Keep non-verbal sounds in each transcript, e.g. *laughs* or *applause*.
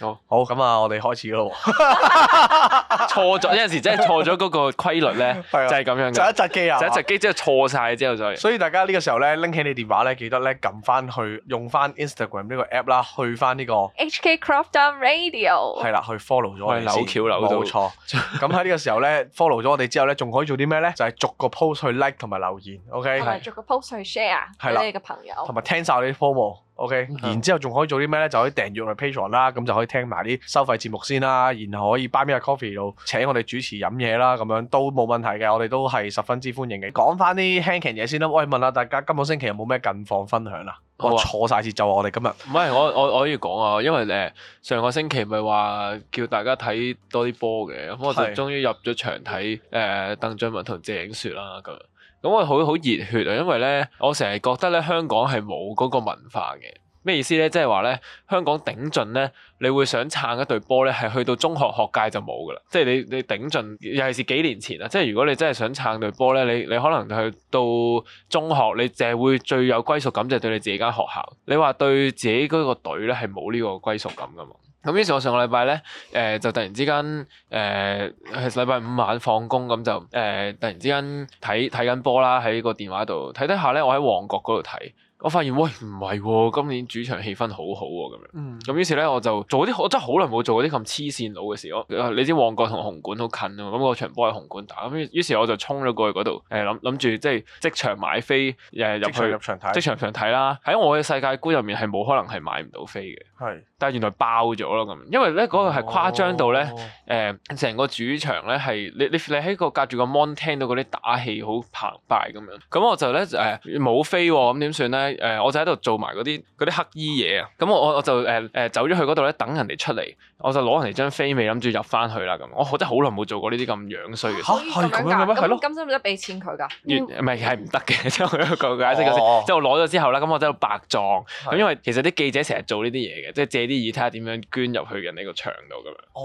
好好咁啊，我哋開始咯。錯咗有陣時真係錯咗嗰個規律咧，就係咁樣嘅。就一扎機啊，就一扎機之後錯晒之後就。所以大家呢個時候咧，拎起你電話咧，記得咧撳翻去用翻 Instagram 呢個 app 啦，去翻呢個 HKcrop Radio。係啦，去 follow 咗我哋。去扭橋樓度。冇錯。咁喺呢個時候咧，follow 咗我哋之後咧，仲可以做啲咩咧？就係逐個 post 去 like 同埋留言。OK。同埋逐個 post 去 share 係啦，俾你嘅朋友。同埋聽晒我啲節目。OK，、mm hmm. 然之後仲可以做啲咩咧？就可以訂閱我哋 Patreon 啦，咁就可以聽埋啲收費節目先啦。然後可以 Buy Me A Coffee 度請我哋主持飲嘢啦，咁樣都冇問題嘅。我哋都係十分之歡迎嘅。講翻啲輕騎嘢先啦。喂，問下大家今個星期有冇咩近況分享啊吧？我坐晒節奏我哋今日唔係我我我要講啊，因為誒上個星期咪話叫大家睇多啲波嘅，咁我就終於入咗場睇誒鄧俊文同謝影雪啦咁。咁我好好熱血啊，因為咧，我成日覺得咧，香港係冇嗰個文化嘅。咩意思咧？即係話咧，香港頂盡咧，你會想撐一隊波咧，係去到中學學界就冇噶啦。即係你你頂盡，尤其是幾年前啊。即係如果你真係想撐隊波咧，你你可能去到中學，你淨係會最有歸屬感，就係對你自己間學校。你話對自己嗰個隊咧，係冇呢個歸屬感噶嘛？咁於是，我上個禮拜咧，誒就突然之間，誒係禮拜五晚放工，咁就誒突然之間睇睇緊波啦，喺個電話度睇睇下咧，我喺旺角嗰度睇，我發現喂唔係喎，今年主場氣氛好好喎咁樣。嗯。咁於是咧，我就做啲我真係好耐冇做嗰啲咁黐線佬嘅事，我你知旺角同紅館好近啊，咁個場波喺紅館打，咁於是我就衝咗過去嗰度，誒諗諗住即係即場買飛，誒入去入場睇，即場上睇啦。喺我嘅世界觀入面係冇可能係買唔到飛嘅。係，但係原來爆咗咯咁，因為咧嗰個係誇張到咧，誒成、哦呃、個主場咧係你你你喺個隔住個 mon 聽到嗰啲打氣好澎湃咁樣，咁我就咧誒冇飛咁點算咧？誒我就喺度做埋嗰啲啲黑衣嘢啊，咁我我我就誒誒走咗去嗰度咧等人哋出嚟，我就攞、呃、人哋張飛尾諗住入翻去啦咁，我真係好耐冇做過呢啲咁樣衰嘅事係咁樣咩？係那對咯，咁使唔使俾錢佢㗎，唔係係唔得嘅，即係我解釋嗰即係我攞咗之後啦，咁我喺度白撞咁，因為其實啲記者成日做呢啲嘢嘅。即係借啲耳睇下點樣捐入去嘅呢個牆度咁樣。哦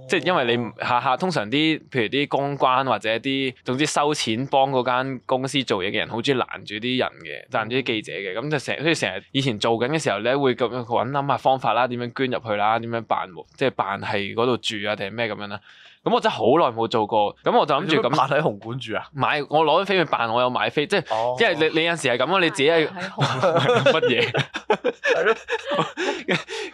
，oh. 即係因為你下下通常啲，譬如啲公關或者啲，總之收錢幫嗰間公司做嘢嘅人，人，好中意攔住啲人嘅，攔住啲記者嘅。咁就成日好似成日以前做緊嘅時候咧，你會咁樣揾諗下方法啦，點樣捐入去啦，點樣辦，即係辦喺嗰度住啊，定係咩咁樣啦？咁我真係好耐冇做過，咁我就諗住咁。喺紅館住啊？買，我攞咗飛去辦，我有買飛，即係因為你你有時係咁咯，你自己係乜嘢？係咯、啊。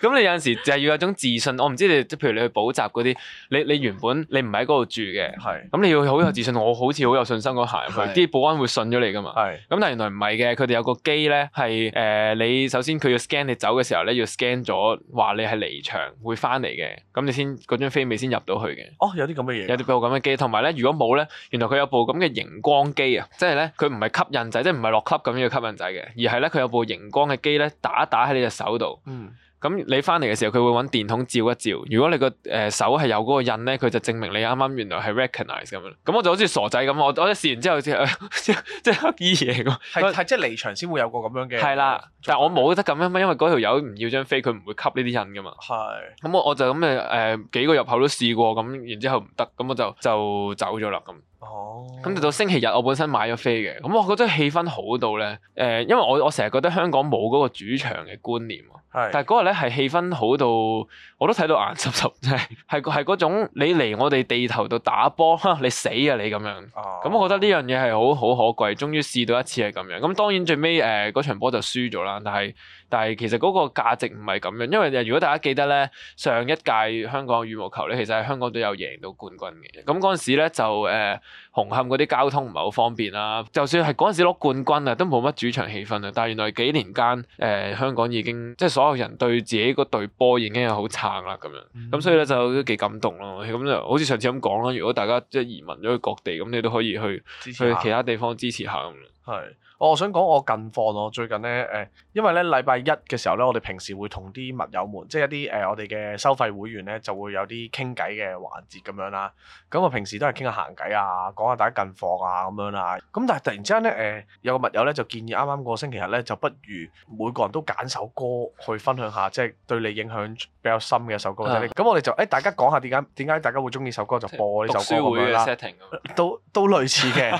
咁 *laughs* *laughs* *laughs* 你有陣時就係要有種自信。我唔知你，即譬如你去補習嗰啲，你你原本你唔喺嗰度住嘅，係是。咁你要好有自信，我好似好有信心咁行入去，啲是保安會信咗你噶嘛？係是。咁但係原來唔係嘅，佢哋有個機咧，係、呃、誒，你首先佢要 scan 你走嘅時候咧，要 scan 咗話你係離場會翻嚟嘅，咁你先嗰張飛未先入到去嘅。哦。有啲咁嘅嘢，有啲部咁嘅機，同埋咧，如果冇咧，原來佢有部咁嘅熒光機啊，即係咧，佢唔係吸引仔，即係唔係落 club 咁樣嘅吸引仔嘅，而係咧，佢有部熒光嘅機咧，打打喺你隻手度。嗯。咁你翻嚟嘅時候，佢會揾電筒照一照。如果你個誒手係有嗰個印咧，佢就證明你啱啱原來係 recognize 咁樣。咁我就好似傻仔咁，我我一試完之後即係即係乞衣嘢咁。係係即係離場先會有個咁樣嘅。係啦，但係我冇得咁樣嘛，因為嗰條友唔要張飛，佢唔會吸呢啲印噶嘛。係。咁我我就咁誒誒幾個入口都試過，咁然之後唔得，咁我就就走咗啦咁。哦，咁、oh. 直到星期日，我本身買咗飛嘅，咁我覺得氣氛好到咧，誒、呃，因為我我成日覺得香港冇嗰個主場嘅觀念，係，但係嗰日咧係氣氛好到，我都睇到眼濕濕，即係係係嗰種你嚟我哋地頭度打波，你死啊你咁樣，咁、oh. 我覺得呢樣嘢係好好可貴，終於試到一次係咁樣，咁當然最尾誒嗰場波就輸咗啦，但係。但係其實嗰個價值唔係咁樣，因為如果大家記得咧，上一屆香港羽毛球咧，其實喺香港都有贏到冠軍嘅。咁嗰陣時咧就誒、呃，紅磡嗰啲交通唔係好方便啦。就算係嗰陣時攞冠軍啊，都冇乜主場氣氛啊。但係原來幾年間，誒、呃、香港已經即係、就是、所有人對自己個隊波已經係好撐啦咁樣。咁、嗯、哼所以咧就都幾感動咯。咁就好似上次咁講啦，如果大家即係移民咗去各地，咁你都可以去去其他地方支持下咁樣。係。我想講我近況咯，我最近咧誒，因為咧禮拜一嘅時候咧，我哋平時會同啲密友們，即係一啲誒、呃、我哋嘅收費會員咧，就會有啲傾偈嘅環節咁樣啦。咁我平時都係傾下閒偈啊，講下大家近況啊咁樣啦。咁但係突然之間咧誒、呃，有個密友咧就建議，啱啱過星期日咧就不如每個人都揀首歌去分享下，即係對你影響比較深嘅一首歌。咁、啊、我哋就誒、欸、大家講下點解點解大家會中意首歌，就播呢首歌咁啦、啊。都都類似嘅，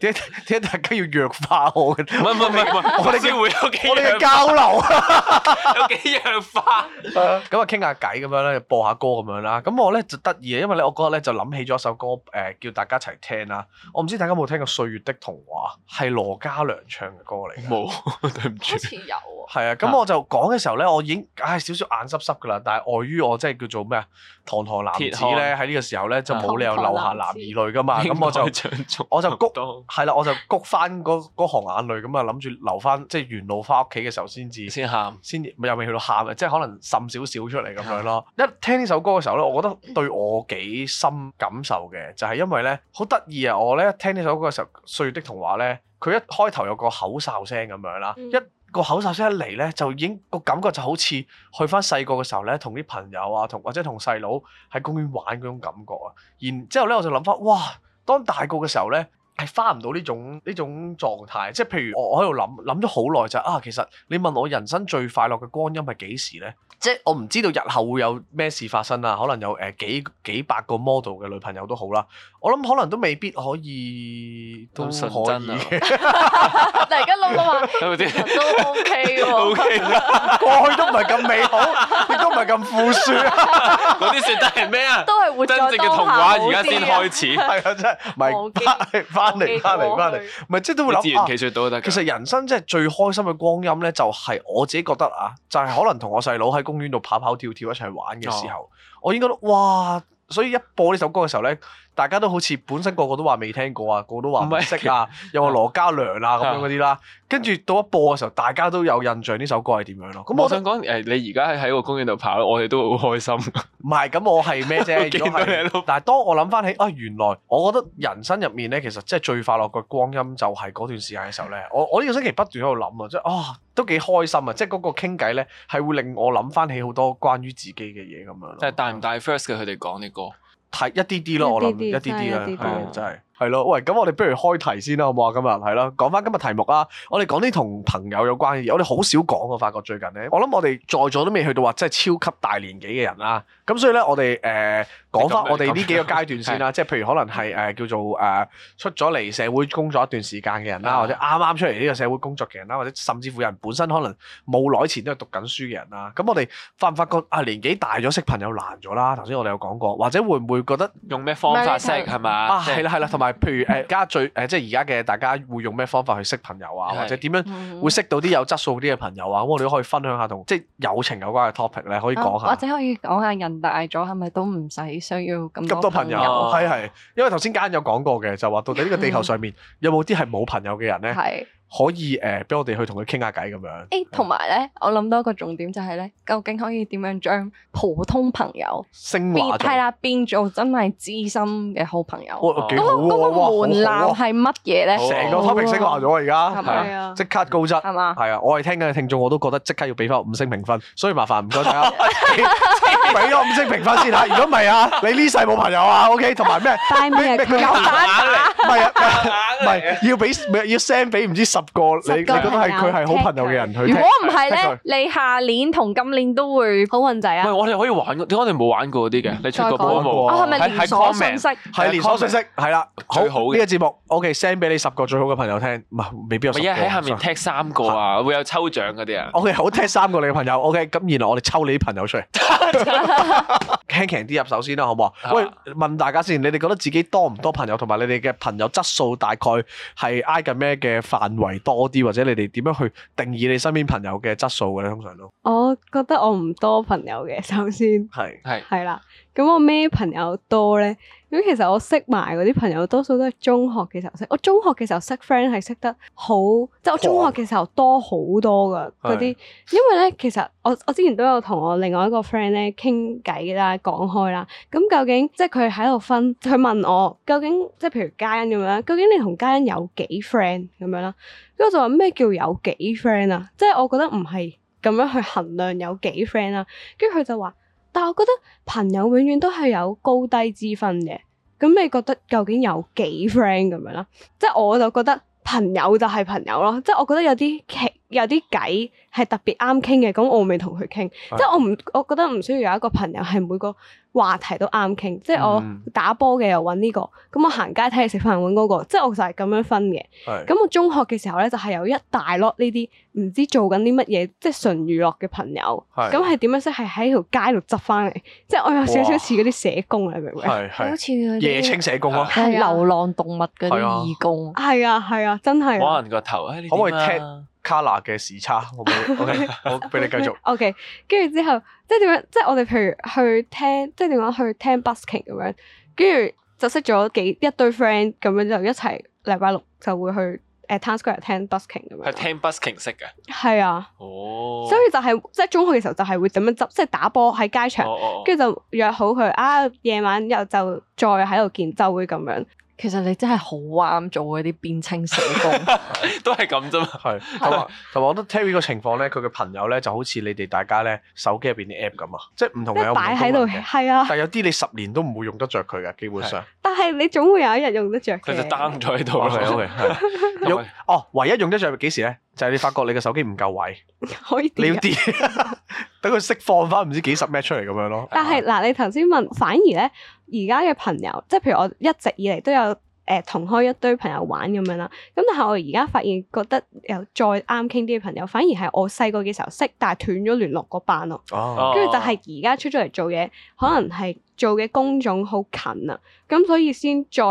點解點解大家要弱化？唔唔唔，我哋先會有， *laughs* 我哋交流啊 *laughs* *laughs* 有幾樣化。咁啊傾下偈咁樣咧，播下歌咁樣啦。咁我咧就得意啊，因為咧我覺得咧就諗起咗一首歌，誒、呃、叫大家一齊聽啦。我唔知大家有冇聽過《歲月的童話》，係羅嘉良唱嘅歌嚟。冇沒有， *laughs* 對唔住起。好似有啊。係啊，咁我就講嘅時候咧，我已經唉、哎、少少眼濕濕噶啦。但係礙於我即係叫做咩啊，堂堂男子咧喺呢個時候咧就冇理由流下男兒淚噶嘛。咁我就我就谷係啦，我就谷翻行眼淚咁啊，諗住留翻，即係沿路翻屋企嘅時候先至哭先喊，先又未去到喊嘅，即係可能滲少少出嚟咁樣咯。 *laughs* 一聽呢首歌嘅時候咧，我覺得對我幾深感受嘅，就係因為咧好得意啊！我咧聽呢首歌嘅時候，《歲月的童話》咧，佢一開頭有個口哨聲咁樣啦， *laughs* 一個口哨聲一嚟咧，就已經個感覺就好似去翻細個嘅時候咧，同啲朋友啊，同或者同細佬喺公園玩嗰種感覺啊。然之後咧，我就諗翻，哇！當大個嘅時候咧。係返唔到呢種呢種狀態，即係譬如我我喺度諗諗咗好耐就係，啊，其實你問我人生最快樂嘅光陰係幾時呢？即係我唔知道日後會有咩事發生啊，可能有誒幾幾百個 model 嘅女朋友都好啦。我諗可能都未必可以，都可以。突然間諗到話， *laughs* *laughs* 都 OK 嘅。OK 啦，過去都唔係咁美好，亦都唔係咁富庶。嗰啲說真係咩啊？都係活在當下。真正嘅童話而家先開始，係啊，真係。唔係翻嚟，翻嚟，翻嚟，翻嚟。唔係即係都會諗啊。其實人生即係最開心嘅光陰咧，就係我自己覺得啊，就係、是、可能同我細佬喺公園度跑跑跳跳一齊玩嘅時候，哦、我應該覺得，哇！所以一播呢首歌嘅時候咧。大家都好似本身個個都話未聽過是啊，個個都話唔識啊，又話羅嘉良啊咁樣嗰啲啦。跟住到一播嘅時候，大家都有印象呢首歌係點樣咯。咁我想講誒，嗯、你而家喺個公園度跑，我哋都好開心。唔係，咁我係咩啫？但係當我諗翻起啊，原來我覺得人生入面咧，其實即係最快樂嘅光陰就係嗰段時間嘅時候咧。我我呢個星期不斷喺度諗啊，即係啊都幾開心啊！即係嗰個傾偈咧，係會令我諗翻起好多關於自己嘅嘢咁樣。即係、嗯、大唔大 first 嘅佢哋講啲歌，睇一啲啲咯，我諗一啲啲啦，係咯真係，係咯。喂，咁我哋不如開題先啦，好唔好啊？今日係咯，講翻今日題目啦。我哋講啲同朋友有關嘅嘢，我哋好少講。我發覺最近咧，我諗我哋在座都未去到話真係超級大年紀嘅人啦。咁所以咧，我哋誒。呃講翻我哋呢幾個階段先啦，即係 *laughs* 的譬如可能係誒、呃、叫做誒、呃、出咗嚟社會工作一段時間嘅人啦，的或者啱啱出嚟呢個社會工作嘅人啦，或者甚至乎有人本身可能冇耐前都係讀緊書嘅人啦。咁我哋發唔發覺啊？年紀大咗識朋友難咗啦。頭先我哋有講過，或者會唔會覺得用咩方法識係咪？啊係啦係啦，同埋譬如誒而家最誒、呃、即係而家嘅大家會用咩方法去識朋友啊？的或者點樣會識到啲有質素啲嘅朋友啊？咁我哋都可以分享下同即係友情有關嘅 topic 咧，可以講下、啊。或者可以講下人大咗係咪都唔使？想要咁多朋友，係係、啊，因為頭先間有講過嘅，就話到底呢個地球上面有冇啲係冇朋友嘅人咧？ *laughs* 可以誒，俾我哋去同佢傾下偈咁樣。誒，同埋咧，我諗到一個重點就係咧，究竟可以點樣將普通朋友升華？係啦，變做真係知心嘅好朋友。嗰個嗰個門檻係乜嘢咧？成個 topic 升華咗啊！而家係啊，即刻高質係嘛？係啊，我係聽緊嘅聽眾，我都覺得即刻要俾翻五星評分。所以麻煩唔該曬，俾咗五星評分先啦。如果唔係啊，你呢世冇朋友啊，OK？同埋咩？咩咩狗乸嚟？唔係啊，唔係要俾要 send 俾唔知十個你，你覺得係佢係好朋友嘅人。如果唔係咧，你下年同今年都會好運仔啊！唔係我哋可以玩，點解我哋冇玩過嗰啲嘅，你十個都冇啊！係咪連鎖信息？係連鎖信息，係啦，最好嘅呢個節目。O K，send 俾你十個最好嘅朋友聽，唔係未必有十個。喺下面踢三個啊，會有抽獎嗰啲啊。O K，好踢三個你嘅朋友。O K，咁原來我哋抽你啲朋友出嚟，輕輕啲入手先啦，好唔好啊？喂，問大家先，你哋覺得自己多唔多朋友，同埋你哋嘅朋友質素大概係挨近咩嘅範圍？係多啲，或者你哋點樣去定義你身邊朋友嘅質素嘅咧？通常都，我覺得我唔多朋友嘅。首先係係係啦，咁是是我咩朋友多咧？咁其實我識埋嗰啲朋友多數都係中學嘅時候識，我中學嘅時候識 friend 係識得好婆，即係我中學嘅時候多好多噶嗰啲。的因為咧，其實我我之前都有同我另外一個 friend 咧傾偈啦，講開啦。咁究竟即係佢喺度分，佢問我究竟即係譬如嘉欣咁樣，究竟你同嘉欣有幾 friend 咁樣啦？跟住我就話咩叫有幾 friend 啊？即係我覺得唔係咁樣去衡量有幾 friend 呀。跟住佢就話。但係我覺得朋友永遠都係有高低之分嘅，咁你覺得究竟有幾 friend 咁樣啦？即係我就覺得朋友就係朋友咯，即係我覺得有啲奇。有啲偈係特別啱傾嘅，咁我未同佢傾，即係我唔，我覺得唔需要有一個朋友係每個話題都啱傾，即係我打波嘅又揾呢個，咁我行街睇戲食飯揾嗰個，即係我成日咁樣分嘅。咁我中學嘅時候呢，就係有一大粒呢啲唔知做緊啲乜嘢，即係純娛樂嘅朋友。咁係點樣識？係喺條街度執翻嚟，即係我有少少似嗰啲社工啊，你明唔明？好似夜青社工啊，流浪動物嗰啲義工。係啊係啊，真係。可能個頭，可唔可以聽？卡 o 嘅時差，好唔好？OK， *laughs* 我俾你繼續。OK，跟住之後，即點樣？即我哋譬如去聽，即點樣去聽 busking 咁樣，跟住就識咗幾一堆 friend 咁樣，就一齊禮拜六就會去誒 Times Square 聽 busking 咁樣。係聽 busking 識嘅。係啊。哦。Oh. 所以就係、是、即中學嘅時候就係會點樣執，即、就是、打波喺街場，跟住、oh. 就約好佢啊夜晚又就再喺度見，就會咁樣。其實你真係好啱做嗰啲邊青社工，都係咁啫嘛。係，同埋我覺得 Terri 個情況咧，佢嘅朋友咧就好似你哋大家咧手機入邊啲 app 咁啊，即係唔同嘅擺喺度，係啊。但係有啲你十年都唔會用得着佢㗎，基本上。但係你總會有一日用得着，佢就 down 咗喺度咯，係，用哦，唯一用得著幾時咧？就係你發覺你嘅手機唔夠位，可以你要啲，等佢釋放返唔知幾十 m 出嚟咁樣咯。但係嗱，你頭先問反而咧。而家嘅朋友，即係譬如我一直以嚟都有誒、呃、同開一堆朋友玩咁樣啦，咁但係我而家發現覺得又再啱傾啲嘅朋友，反而係我細個嘅時候識，但係斷咗聯絡嗰班咯。跟住但係而家出咗嚟做嘢，可能係做嘅工種好近啊，咁所以先再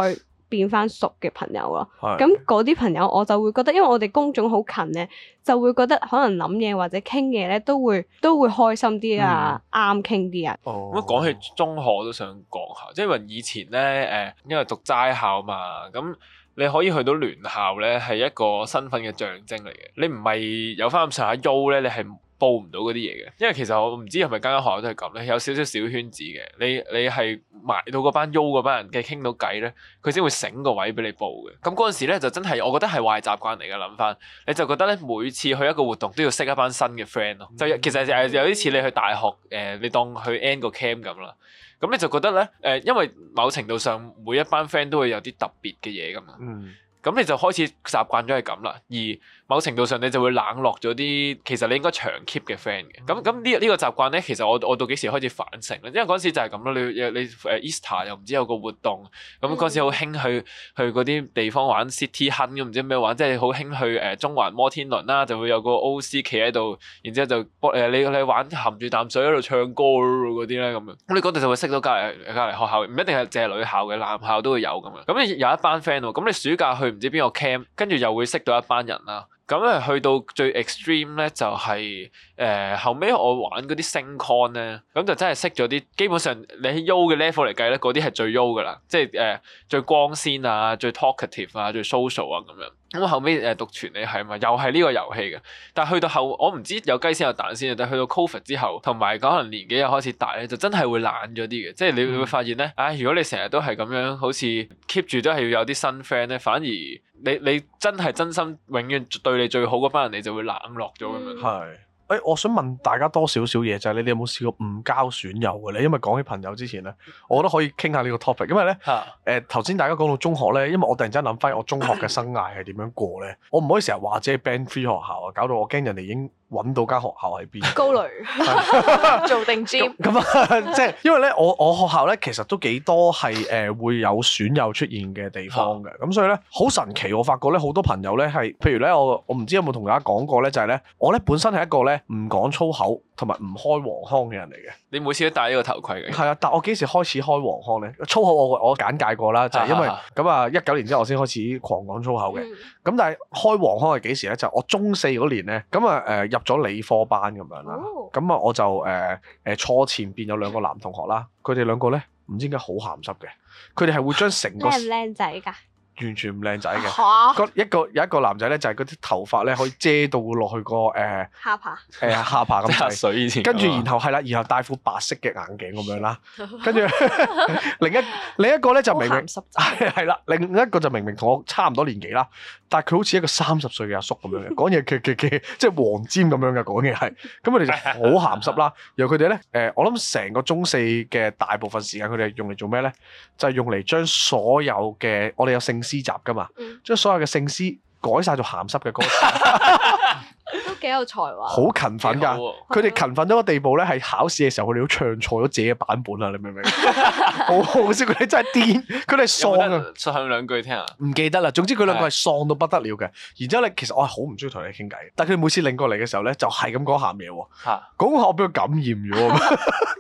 變翻熟嘅朋友咯，咁嗰啲朋友我就會覺得，因為我哋工種好近咧，就會覺得可能諗嘢或者傾嘢咧，都會都會開心啲啊，啱傾啲啊。咁、哦、講起中學我都想講下，即係話以前咧，誒，因為讀齋校嘛，咁你可以去到聯校咧，係一個身份嘅象徵嚟嘅。你唔係有翻咁上下喐咧，你係。報唔到嗰啲嘢嘅，因為其實我唔知係咪間間學校都係咁咧，有少少小小小圈子嘅。你你係埋到嗰班喲嗰班人嘅傾到偈咧，佢先會醒個位俾你報嘅。咁嗰陣時咧就真係我覺得係壞習慣嚟嘅。諗翻你就覺得咧，每次去一個活動都要識一班新嘅 friend 咯，就其實就有有啲似你去大學誒、呃，你當去 end 個 camp 咁啦。咁你就覺得咧誒、呃，因為某程度上每一班 friend 都會有啲特別嘅嘢咁啊。嗯。咁你就開始習慣咗係咁啦，而。某程度上，你就會冷落咗啲其實你應該長 keep 嘅 friend 嘅。咁咁、這個這個、呢呢個習慣咧，其實我我到幾時開始反省咧？因為嗰陣時就係咁咯，你你誒、啊、Easter 又唔知有個活動，咁嗰陣時好興去去嗰啲地方玩 City Hunt 咁，唔知咩玩，即係好興去誒、啊、中環摩天輪啦、啊，就會有個 O.C. 企喺度，然之後就、呃、你你玩含住啖水喺度唱歌嗰啲咧咁樣。咁你嗰度就會識到隔離隔離學校，唔一定係淨係女校嘅，男校都會有咁樣。咁你有一班 friend 喎，咁你暑假去唔知邊個 camp，跟住又會識到一班人啦、啊。咁誒去到最 extreme 咧，就係、是、誒、呃、後尾我玩嗰啲星 con 咧，咁就真係識咗啲。基本上你喺 U 嘅 level 嚟計咧，嗰啲係最 U 噶啦，即係誒、呃、最光鮮啊、最 talkative 啊、最 social 啊咁樣。咁、嗯、後尾誒讀傳理係啊嘛，又係呢個遊戲嘅。但係去到後，我唔知有雞先有蛋先，但係去到 COVID 之後，同埋可能年紀又開始大咧，就真係會懶咗啲嘅。嗯、即係你會,會發現咧，唉、哎，如果你成日都係咁樣，好似 keep 住都係要有啲新 friend 咧，反而～你你真係真心永遠對你最好嗰班人，你就會冷落咗咁樣。係，誒，我想問大家多少少嘢，就係、是、你哋有冇試過誤交損友嘅咧？因為講起朋友之前咧，我覺得可以傾下呢個 topic，因為咧誒頭先大家講到中學咧，因為我突然之間諗翻我中學嘅生涯係點樣過咧，我唔可以成日話自己 band three 學校啊，搞到我驚人哋已經。揾到間學校喺邊？高雷做定 job 咁啊！即係 *laughs* *laughs* *laughs* 因為咧，我我學校咧其實都幾多係誒會有損友出現嘅地方嘅。咁 *laughs* 所以咧，好神奇，我發覺咧，好多朋友咧係，譬如咧，我我唔知有冇同大家講過咧，就係咧，我咧本身係一個咧唔講粗口。同埋唔開黃腔嘅人嚟嘅，你每次都戴呢個頭盔嘅。係 *noise* 啊，但我幾時開始開黃腔咧？粗口我我簡介過啦，就係、因為咁啊，一九 *noise* 年之後我先開始狂講粗口嘅。咁、嗯、但係開黃腔係幾時咧？就係、我中四嗰年咧，咁啊誒入咗理科班咁樣啦，咁啊、哦、我就誒誒坐前邊有兩個男同學啦，佢哋兩個咧唔知點解好鹹濕嘅，佢哋係會將成個。都係靚仔㗎。 *noise* 完全唔靚仔嘅，啊、一個有一個男仔咧，就係嗰啲頭髮咧可以遮到落去個誒、呃、下巴，誒下巴咁滯，水前樣跟住然後係啦，然後戴副白色嘅眼鏡咁樣啦，跟住 *laughs* 另一另一個咧就明明係 *laughs* 啦，另一個就明明同我差唔多年紀啦，但係佢好似一個三十歲嘅阿叔咁樣嘅，講嘢嘅嘅嘅即係黃尖咁樣嘅講嘢係，咁佢哋就好鹹濕啦。 *laughs* 然後佢哋咧誒，我諗成個中四嘅大部分時間，佢哋係用嚟做咩咧？就係、係、用嚟將所有嘅我哋有性。詩集噶嘛，將所有嘅聖詩改晒做鹹濕嘅歌詞。幾有才華？好勤奮㗎，佢哋勤奮到個地步咧，係考試嘅時候，佢哋都唱錯咗自己嘅版本啦，你明唔明？好好笑，佢哋真係癲，佢哋喪。唱兩句聽啊！唔記得啦。總之佢兩個係喪到不得了嘅。然之後咧，其實我係好唔中意同你哋傾偈，但係佢哋每次領過嚟嘅時候咧，就係咁講鹹嘢喎。嚇！嗰個我俾佢感染咗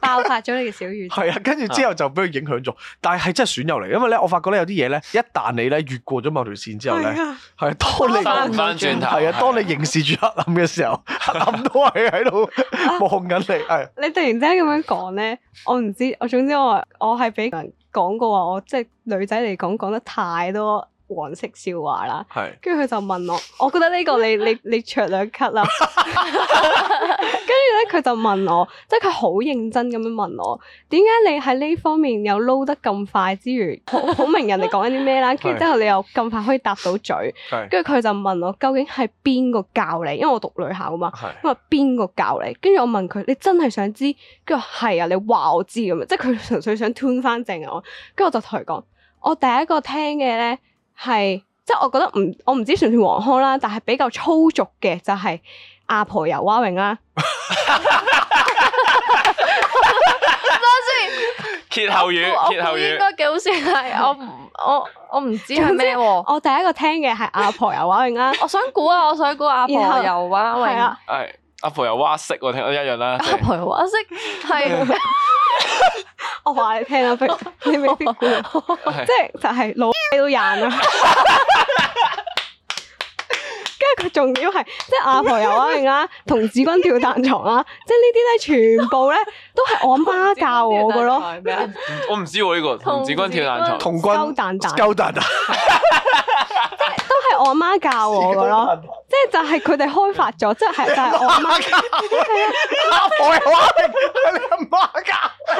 爆發咗你嘅小宇宙係啊！跟住之後就俾佢影響咗，但係真係損友嚟，因為咧我發覺咧有啲嘢咧，一旦你咧越過咗某條線之後咧，係當你翻轉頭係啊，當你凝視住黑林嘅時候咁多人喺度望緊你，係你突然之間咁樣講咧，我唔知，我總之我我係俾人講過話，我，我即係女仔嚟講講得太多。黃色笑話啦，跟住佢就問我，我覺得呢個你你你灼兩咳啦，跟住咧佢就問我，即係佢好認真咁樣問我，點解你喺呢方面又撈得咁快之餘，好明人哋講緊啲咩啦，跟住之後你又咁快可以答到嘴，跟住佢就問我究竟係邊個教你？因為我讀女校啊嘛，因為邊個教你？跟住我問佢，你真係想知？跟住係啊，你話我知咁啊？即係佢純粹想吞翻正我，跟住我就同佢講，我第一個聽嘅咧。係，即係我覺得唔，我唔知算唔算黃腔啦，但係比較粗俗嘅就係阿婆游蛙泳啦、啊 *laughs* 等。等下先，歇後語，歇後語應該幾好笑，係我唔，我、嗯、我唔知係咩。我第一個聽嘅係阿婆游蛙泳啦、啊， *laughs* 我想估啊，我想估阿婆游蛙泳後啊，係阿婆游蛙式，我聽得一樣啦，阿婆游蛙式係。 *laughs* *laughs* 我話你聽啊，你未聽過，即係就係、是、老飛都贏啊，跟住佢仲要係，即係、就是就是、阿婆游啊泳啊，童子軍跳彈床啊，即、就、係、是、呢啲咧，全部咧都係我媽教我嘅咯。我唔知喎呢、這個童子軍跳彈床，童軍跳彈彈，都係我媽教我嘅咯。即係就係佢哋開發咗，即係就係、是就是、我媽教我。阿、 *laughs* 啊、婆游，你阿媽教。啊 *laughs* *laughs*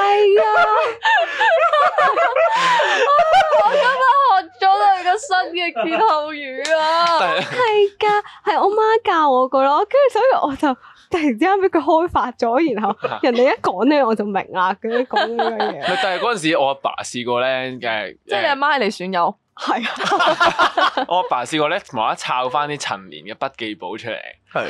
係啊！ *laughs* 我今日學咗兩個新嘅歇後語啊！ *laughs* 係噶，係我媽教我個咯，跟住所以我就突然之間俾佢開發咗，然後人哋一講咧我就明啦，咁樣講呢樣嘢。 *laughs* 但係嗰陣時我阿爸試過咧，梗係，即係你阿媽嚟選友，係啊， *laughs* *laughs* *laughs* 我阿爸試過咧，麻麻抄翻啲陳年嘅筆記簿出嚟。係，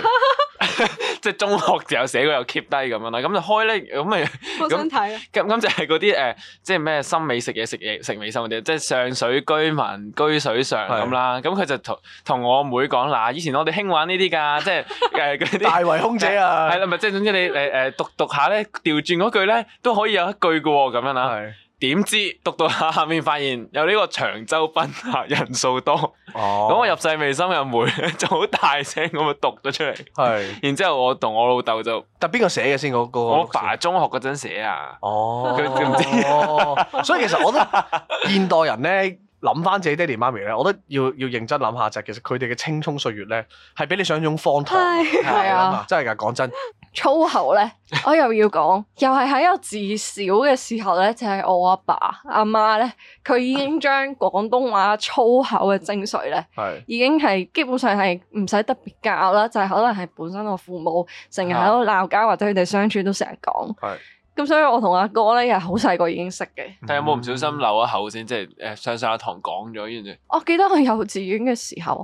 即係中學就有寫過有 keep 低咁樣啦，咁就開咧，咁咪咁咁就係嗰啲誒，即係咩心美食嘢食嘢食美心嗰啲，即係上水居民居水上咁啦，咁佢 *laughs* 就同同我妹講，嗱，以前我哋興玩呢啲噶， *laughs* 即係誒啲大圍空姐啊， *laughs* 係啦，咪即係總之你誒誒讀讀下咧，調轉嗰句咧都可以有一句噶喎，咁樣啦。 *laughs* *laughs* *laughs* 點知讀到下下面發現有呢個長洲賓客人數多，咁我、oh. 嘅世未深入梅咧就好大聲咁讀咗出嚟，是然之後我同我老豆就，但邊、個寫嘅先嗰個？我爸中學嗰陣寫啊，哦、oh.，佢唔知，哦，所以其實我覺得現代人咧諗翻自己爹哋媽咪咧，我都要要認真諗下就是，其實佢哋嘅青蔥歲月咧係比你想用放蕩，係啊， *laughs* *noise* *noise* 真係噶講真。粗口咧，我又要講，又係喺我自小嘅時候咧，就係、是、我阿爸阿媽咧，佢已經將廣東話粗口嘅精髓咧，係 *laughs* 已經係基本上係唔使特別教啦，就係、是、可能係本身我父母成日喺度鬧交或者佢哋相處都成日講，係咁，所以我同阿哥咧又係好細個已經識嘅。但有冇唔小心漏一口先？即係誒，上上堂講咗跟住。我記得我幼稚園嘅時候，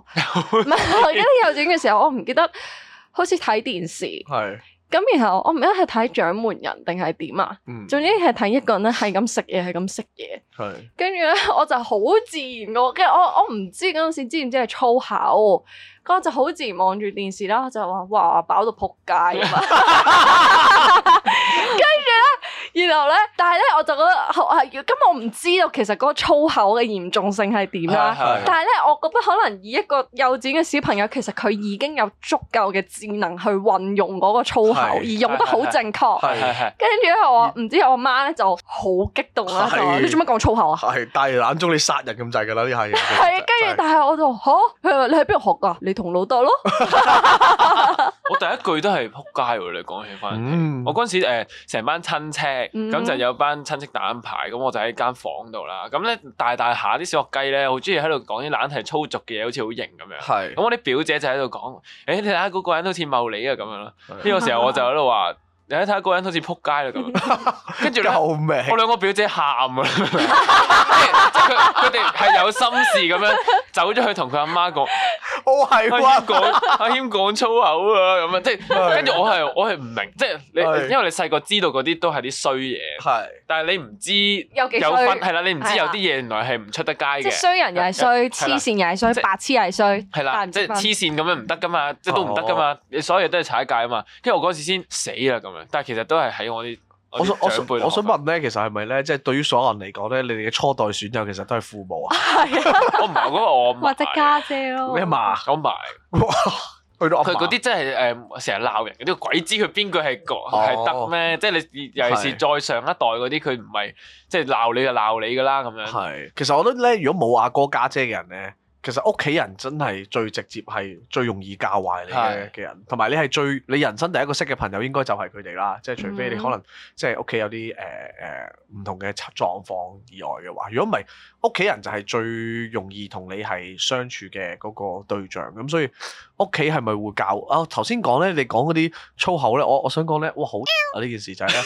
唔係我記得幼稚園嘅時候，我唔記得好似睇電視係。 *laughs* 咁然後我唔知係睇掌門人定係點啊？嗯、總之係睇一個人咧係咁食嘢，係咁食嘢，跟住咧我就好自然個，跟住我我唔知嗰陣時知唔知係粗口，咁我就好自然望住電視啦，就話哇飽到仆街啊嘛！」然後咧，但係咧，我就覺得根本我唔知道其實嗰個粗口嘅嚴重性係點啦。Yeah, yeah, yeah. 但係咧，我覺得可能以一個幼稚園嘅小朋友，其實佢已經有足夠嘅智能去運用嗰個粗口，語而用得好正確。係係係。Yeah, yeah. 跟住咧，我唔知我媽咧就好激動啦、 *music* 嗯。你做乜講粗口啊？係，大眼中你殺人咁滯㗎啦呢下嘢。係啊，跟、就、住、是 *music* *laughs* 就是、但係我就嚇，佢、huh? 話你喺邊度學㗎？你同老豆咯 *laughs* 。 *laughs* 我第一句都係撲街喎！你講起返，我嗰陣時誒成班親戚。 *music* 咁、mm hmm. 就有班親戚打緊牌，咁我就喺間房度啦。咁咧大大下啲小學雞咧，好中意喺度講啲懶題粗俗嘅嘢，好似好型咁樣。係。咁我啲表姐就喺度講：，誒、欸、你睇下嗰個人都好似茂利啊咁樣啦。呢的個時候我就喺度話。的 *laughs* 你睇下個人好似仆街啦咁，跟住你我兩個表姐喊啊，即係佢哋係有心事咁樣走咗去同佢阿媽講，我係啩講，阿謙講粗口啊咁啊，即係跟住我係我係唔明，即係你因為你細個知道嗰啲都係啲衰嘢，係，但係你唔知有分係啦，你唔知有啲嘢原來係唔出得街嘅，衰人又係衰，黐線又係衰，白痴又係衰，係啦，即係黐線咁樣唔得噶嘛，即係都唔得噶嘛，你所有嘢都係踩界啊嘛，跟住我嗰時先死啦咁。但係其實都係喺我啲，我想我想我想問咧，其實係咪咧，即係對於所有人嚟講咧，你哋嘅初代損友其實都係父母啊？係， *laughs* 我唔係我唔係或者家姐咯，阿嫲咁埋，哇 *laughs* 去到佢嗰啲真係誒成日鬧人嘅，你鬼知佢邊句係講得咩？即係你尤其是再上一代嗰啲，佢唔係即係鬧你就鬧你㗎啦咁樣。係，其實我覺得咧，如果冇阿哥家姐嘅人咧。 *laughs* 其實屋企人真係最直接，係最容易教壞你嘅嘅人，同埋是的 你係最你人生第一個識嘅朋友應該就係佢哋啦，即係除非你可能嗯嗯即係屋企有啲誒誒唔同嘅狀況以外嘅話，如果唔係。屋企人就係最容易同你係相處嘅嗰個對象，咁所以屋企係咪會教啊？頭先講咧，你講嗰啲粗口咧，我我想講咧，哇好啊！呢件事就係咧，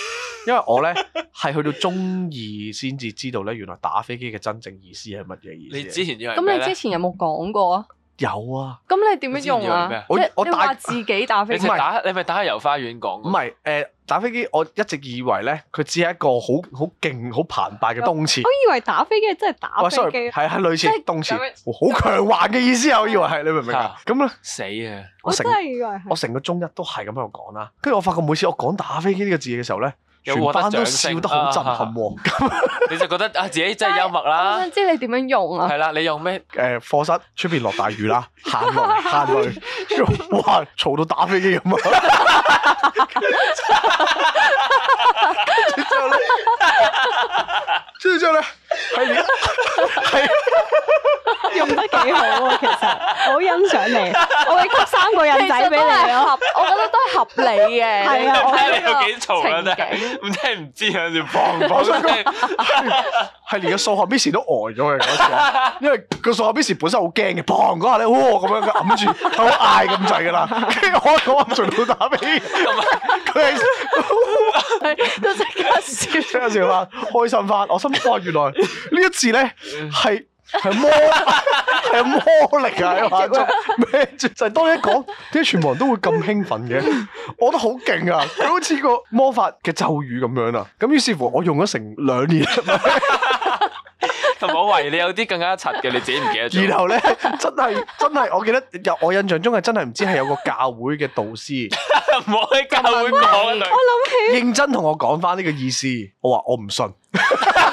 因為我咧係 *laughs* 去到中二先至知道咧，原來打飛機嘅真正意思係乜嘢意思。你之前咁，你之前有冇講過啊？有啊，咁你點樣用啊？我我打自己打飛機，你係打你咪打喺油花園講。唔係，誒打飛機，我一直以為咧，佢只係一個好好勁、好澎湃嘅動詞。我以為打飛機係真係打飛機，係類似動詞，好強橫嘅意思啊！我以為係，你明唔明啊？咁咧死啊！我真係以為，我成個中一都係咁喺度講啦。跟住我發覺每次我講打飛機呢個字嘅時候咧。全班都笑得好震撼，啊，咁、啊、 *laughs* 你就覺得啊自己真係幽默啦。我想知你點樣用啊？係啦，你用咩、呃？誒，課室出邊落大雨啦，喊落喊嚟，哇，嘈到打飛機咁啊！跟住之後咧，跟住之後咧，係而家？係。用得幾好啊！其實，我好欣賞你，我會給三個印仔俾你咯。我覺得都係合理嘅。係啊， *laughs* 睇你有幾嘈嘅。唔知唔知啊，住放 *laughs* ，係連個數學 Miss 都呆咗嘅嗰時，因為個數學 Miss 本身好驚嘅。放嗰下咧，哇咁、哦、樣佢揞住，好嗌咁滯㗎啦。跟住我講話，做到打邊，佢係、哦、 *laughs* *laughs* 都識搞笑，搞笑法開心翻。我心，哇，原來呢一次咧係。 *laughs* 係魔法，係 *laughs* 魔力啊！你話咩？就係麼 *laughs* 當佢一講，點解全部人都會咁興奮嘅， *laughs* 我覺得好勁啊，佢好似個魔法嘅咒語咁樣啊。咁於是乎，我用咗成兩年，同埋我懷疑你有啲更加一塵嘅，你自己唔記得。 *laughs* 然後咧，真係真係，我記得入我印象中係真係唔知係有個教會嘅導師，唔好喺教會講。是我諗起認真同我講翻呢個意思，我話我唔信。 *laughs* *laughs*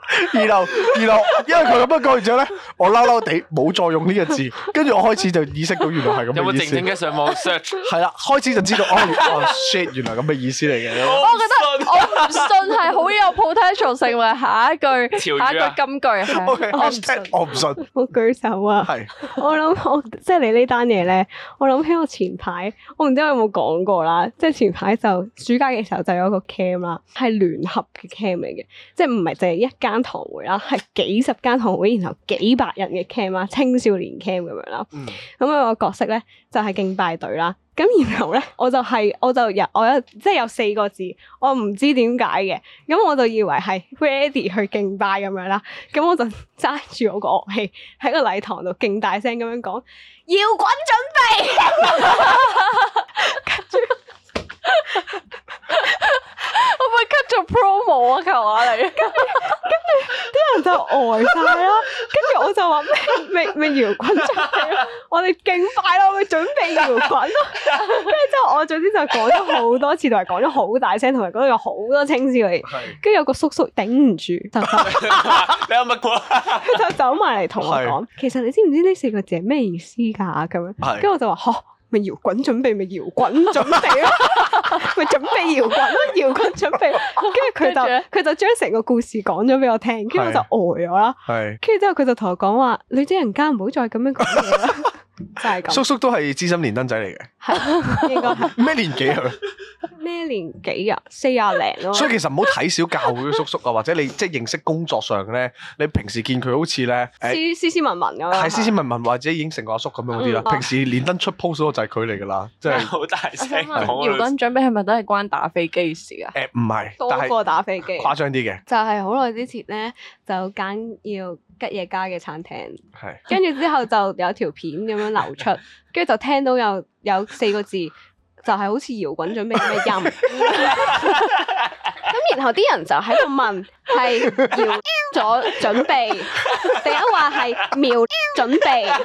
然後，然後，因為佢咁樣講完之後咧，我嬲嬲地冇再用呢個字，跟住我開始就意識到原來係咁嘅意思。有冇靜靜嘅上網 search？係啦，開始就知道哦，哦，shit，原來咁嘅意思嚟嘅。我，我覺得我唔信係好有 potential 成為下一句、啊、下一句金句。o、okay, k 我唔信。我舉手啊！係 *laughs* ，我諗我即係你呢單嘢咧，我諗起我前排，我唔知我有冇講過啦，即係前排就暑假嘅時候就有一個 cam 啦，係聯合嘅 cam 嚟嘅，即係唔係淨係一間。堂會啦，係幾十間堂會，然後幾百人嘅 cam 啊，青少年 cam 咁樣啦。咁我個角色呢就係、是、敬拜隊啦。咁然後呢，我就係、是、我就有，我有，即係有四個字，我唔知點解嘅。咁我就以為係 ready 去敬拜咁樣啦。咁我就揸住我個樂器喺個禮堂度勁大聲咁樣講搖滾準備。 *laughs* *laughs* *laughs* 我咪 cut 咗 promo 啊，求下你。跟住啲人就呆晒啦，跟住我就話咩咩咩搖滾出嚟，我哋勁快咯，我哋準備搖滾咯。跟住之後我總之就講咗好多次，同埋講咗好大聲，同埋講有好多青椒嚟。跟住有個叔叔頂唔住，就乜佢就走埋嚟同我講，是其實你知唔知呢四個字係咩意思噶咁樣。跟住是我就話，吓。咪搖滾準備，咪、就是、搖滾準備咯，咪 *laughs* *laughs* 準備搖滾咯，搖滾準備，跟住佢就佢着就將成個故事講咗畀我聽，跟住我就呆咗啦，是跟住之後佢就同我講是話，女仔人家唔好再咁樣講嘢啦。就係咁，叔叔都係資深連登仔嚟嘅，係，應該咩年紀啊？咩年紀啊？四啊零咯。所以其實唔好睇小教會叔叔啊，或者你即係認識工作上咧，你平時見佢好似咧，斯斯斯文文咁，係斯斯文文或者已經成個阿叔咁樣嗰啲啦。平時連登出 post 就係佢嚟噶啦，即係好大聲。我想問，搖滾係咪都係關打飛機事啊？誒，唔係，多過打飛機，誇張啲嘅，就係好耐之前咧就揀要。吉野家嘅餐廳，跟住是之後就有條片咁樣流出，跟住 *laughs* 就聽到有有四個字，就係、是、好似搖滾準備咩音。咁 *laughs* *laughs* 然後啲人就喺度問，係搖咗準備，定話係秒準備？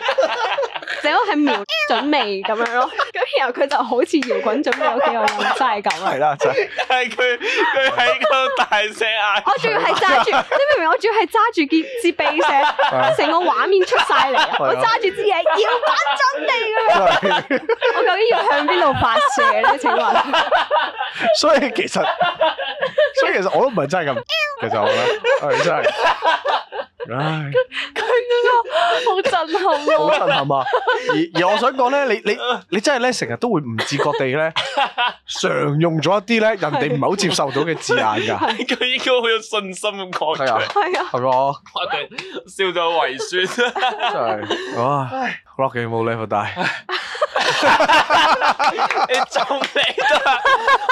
*laughs* 成個係瞄準眉咁樣咯，咁然後佢就好似搖滾準備有幾有悽嘅咁。係啦，就係佢佢喺個大聲啊！ *laughs* 我仲要係揸住，你明唔明我？我仲要係揸住件支鼻蛇，成個畫面出晒嚟，我揸住支嘢搖滾準地咁樣。 *laughs* *laughs* *laughs* 我究竟要向邊度發射咧？請問？所以其實，所以其實我都唔係真係咁，其實我係真係。唉，佢呢個好震撼啊！好 *laughs* 震撼啊！而而我想講咧，你你你真係咧成日都會唔自覺地咧常用咗一啲咧人哋唔係好接受到嘅字眼噶。佢應該好有信心咁講。係啊，係咪啊，啊？笑咗為算啦。係唉。幾冇你咁大，你做咩啫？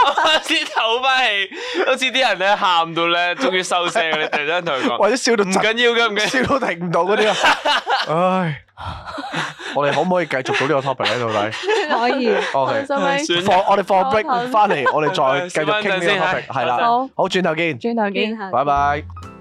我先唞翻氣，好似啲人咧喊到咧，終於收聲。你突然間同佢講，或者笑到唔緊要嘅，唔緊要，笑到停唔到嗰啲。唉，我哋可唔可以繼續到呢個 topic 咧？到底可以？OK，放我哋放 break，翻嚟，我哋再繼續傾呢個 topic。係啦，好，轉頭見，轉頭見，拜拜。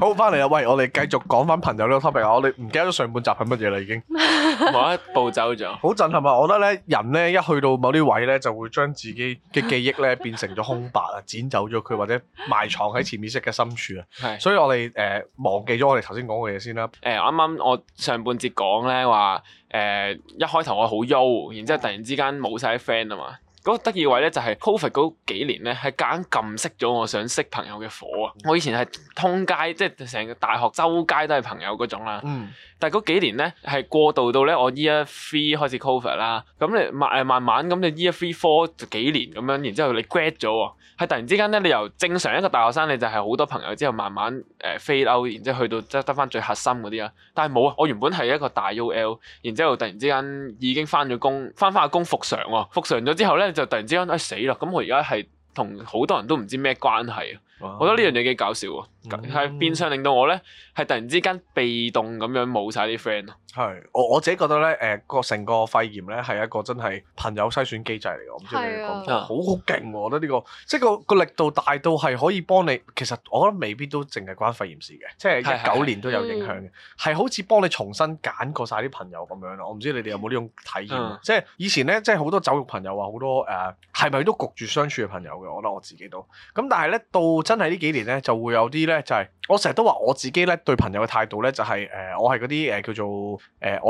好，翻嚟啦！喂，我哋繼續講翻朋友呢個 topic。我哋唔記得咗上半集係乜嘢啦，已經冇一步走咗。好震撼啊！我覺得咧，人咧一去到某啲位咧，就會將自己嘅記憶咧變成咗空白啊，剪走咗佢或者埋藏喺潛意識嘅深處啊。係，所以我哋誒、呃、忘記咗我哋頭先講嘅嘢先啦。誒、欸，啱啱我上半節講咧話，誒、呃、一開頭我好憂，然之後突然之間冇晒 friend 啊嘛。嗰得意位咧，就係 COVID 嗰幾年咧，係硬撳熄咗我想識朋友嘅火。啊！我以前係通街，即係成個大學周街都係朋友嗰種啦。嗯。但係嗰幾年咧係過渡到咧，我 year three 開始 COVID 啦。咁你慢誒慢慢咁，你 year three four 幾年咁樣，然之後你 grad 咗喎，係突然之間咧，你由正常一個大學生，你就係好多朋友之後慢慢 fade out，然之後去到即係得得翻最核心嗰啲啦。但係冇啊！我原本係一個大 UL，然之後突然之間已經翻咗工，翻翻下工復常喎，復常咗之後咧。就突然之間，哎死啦！咁我而家係同好多人都唔知咩關係啊，哇 我覺得呢樣嘢幾搞笑喎。係變相令到我咧係突然之間被動咁樣冇晒啲 friend 咯。係我我自己覺得咧，誒個成個肺炎咧係一個真係朋友篩選機制嚟嘅，唔知你哋講唔講？好好勁喎，我覺得呢個即係個個力度大到係可以幫你。其實我覺得未必都淨係關肺炎事嘅，即係一九年都有影響嘅，係好似幫你重新揀過晒啲朋友咁樣咯。嗯、我唔知你哋有冇呢種體驗？嗯、即係以前咧，即係好多酒肉朋友話，好多誒係咪都焗住相處嘅朋友嘅？我覺得我自己都咁，但係咧到真係呢幾年咧就會有啲咧。就係我成日都話我自己咧，對朋友嘅態度咧，就係誒我係嗰啲誒叫做誒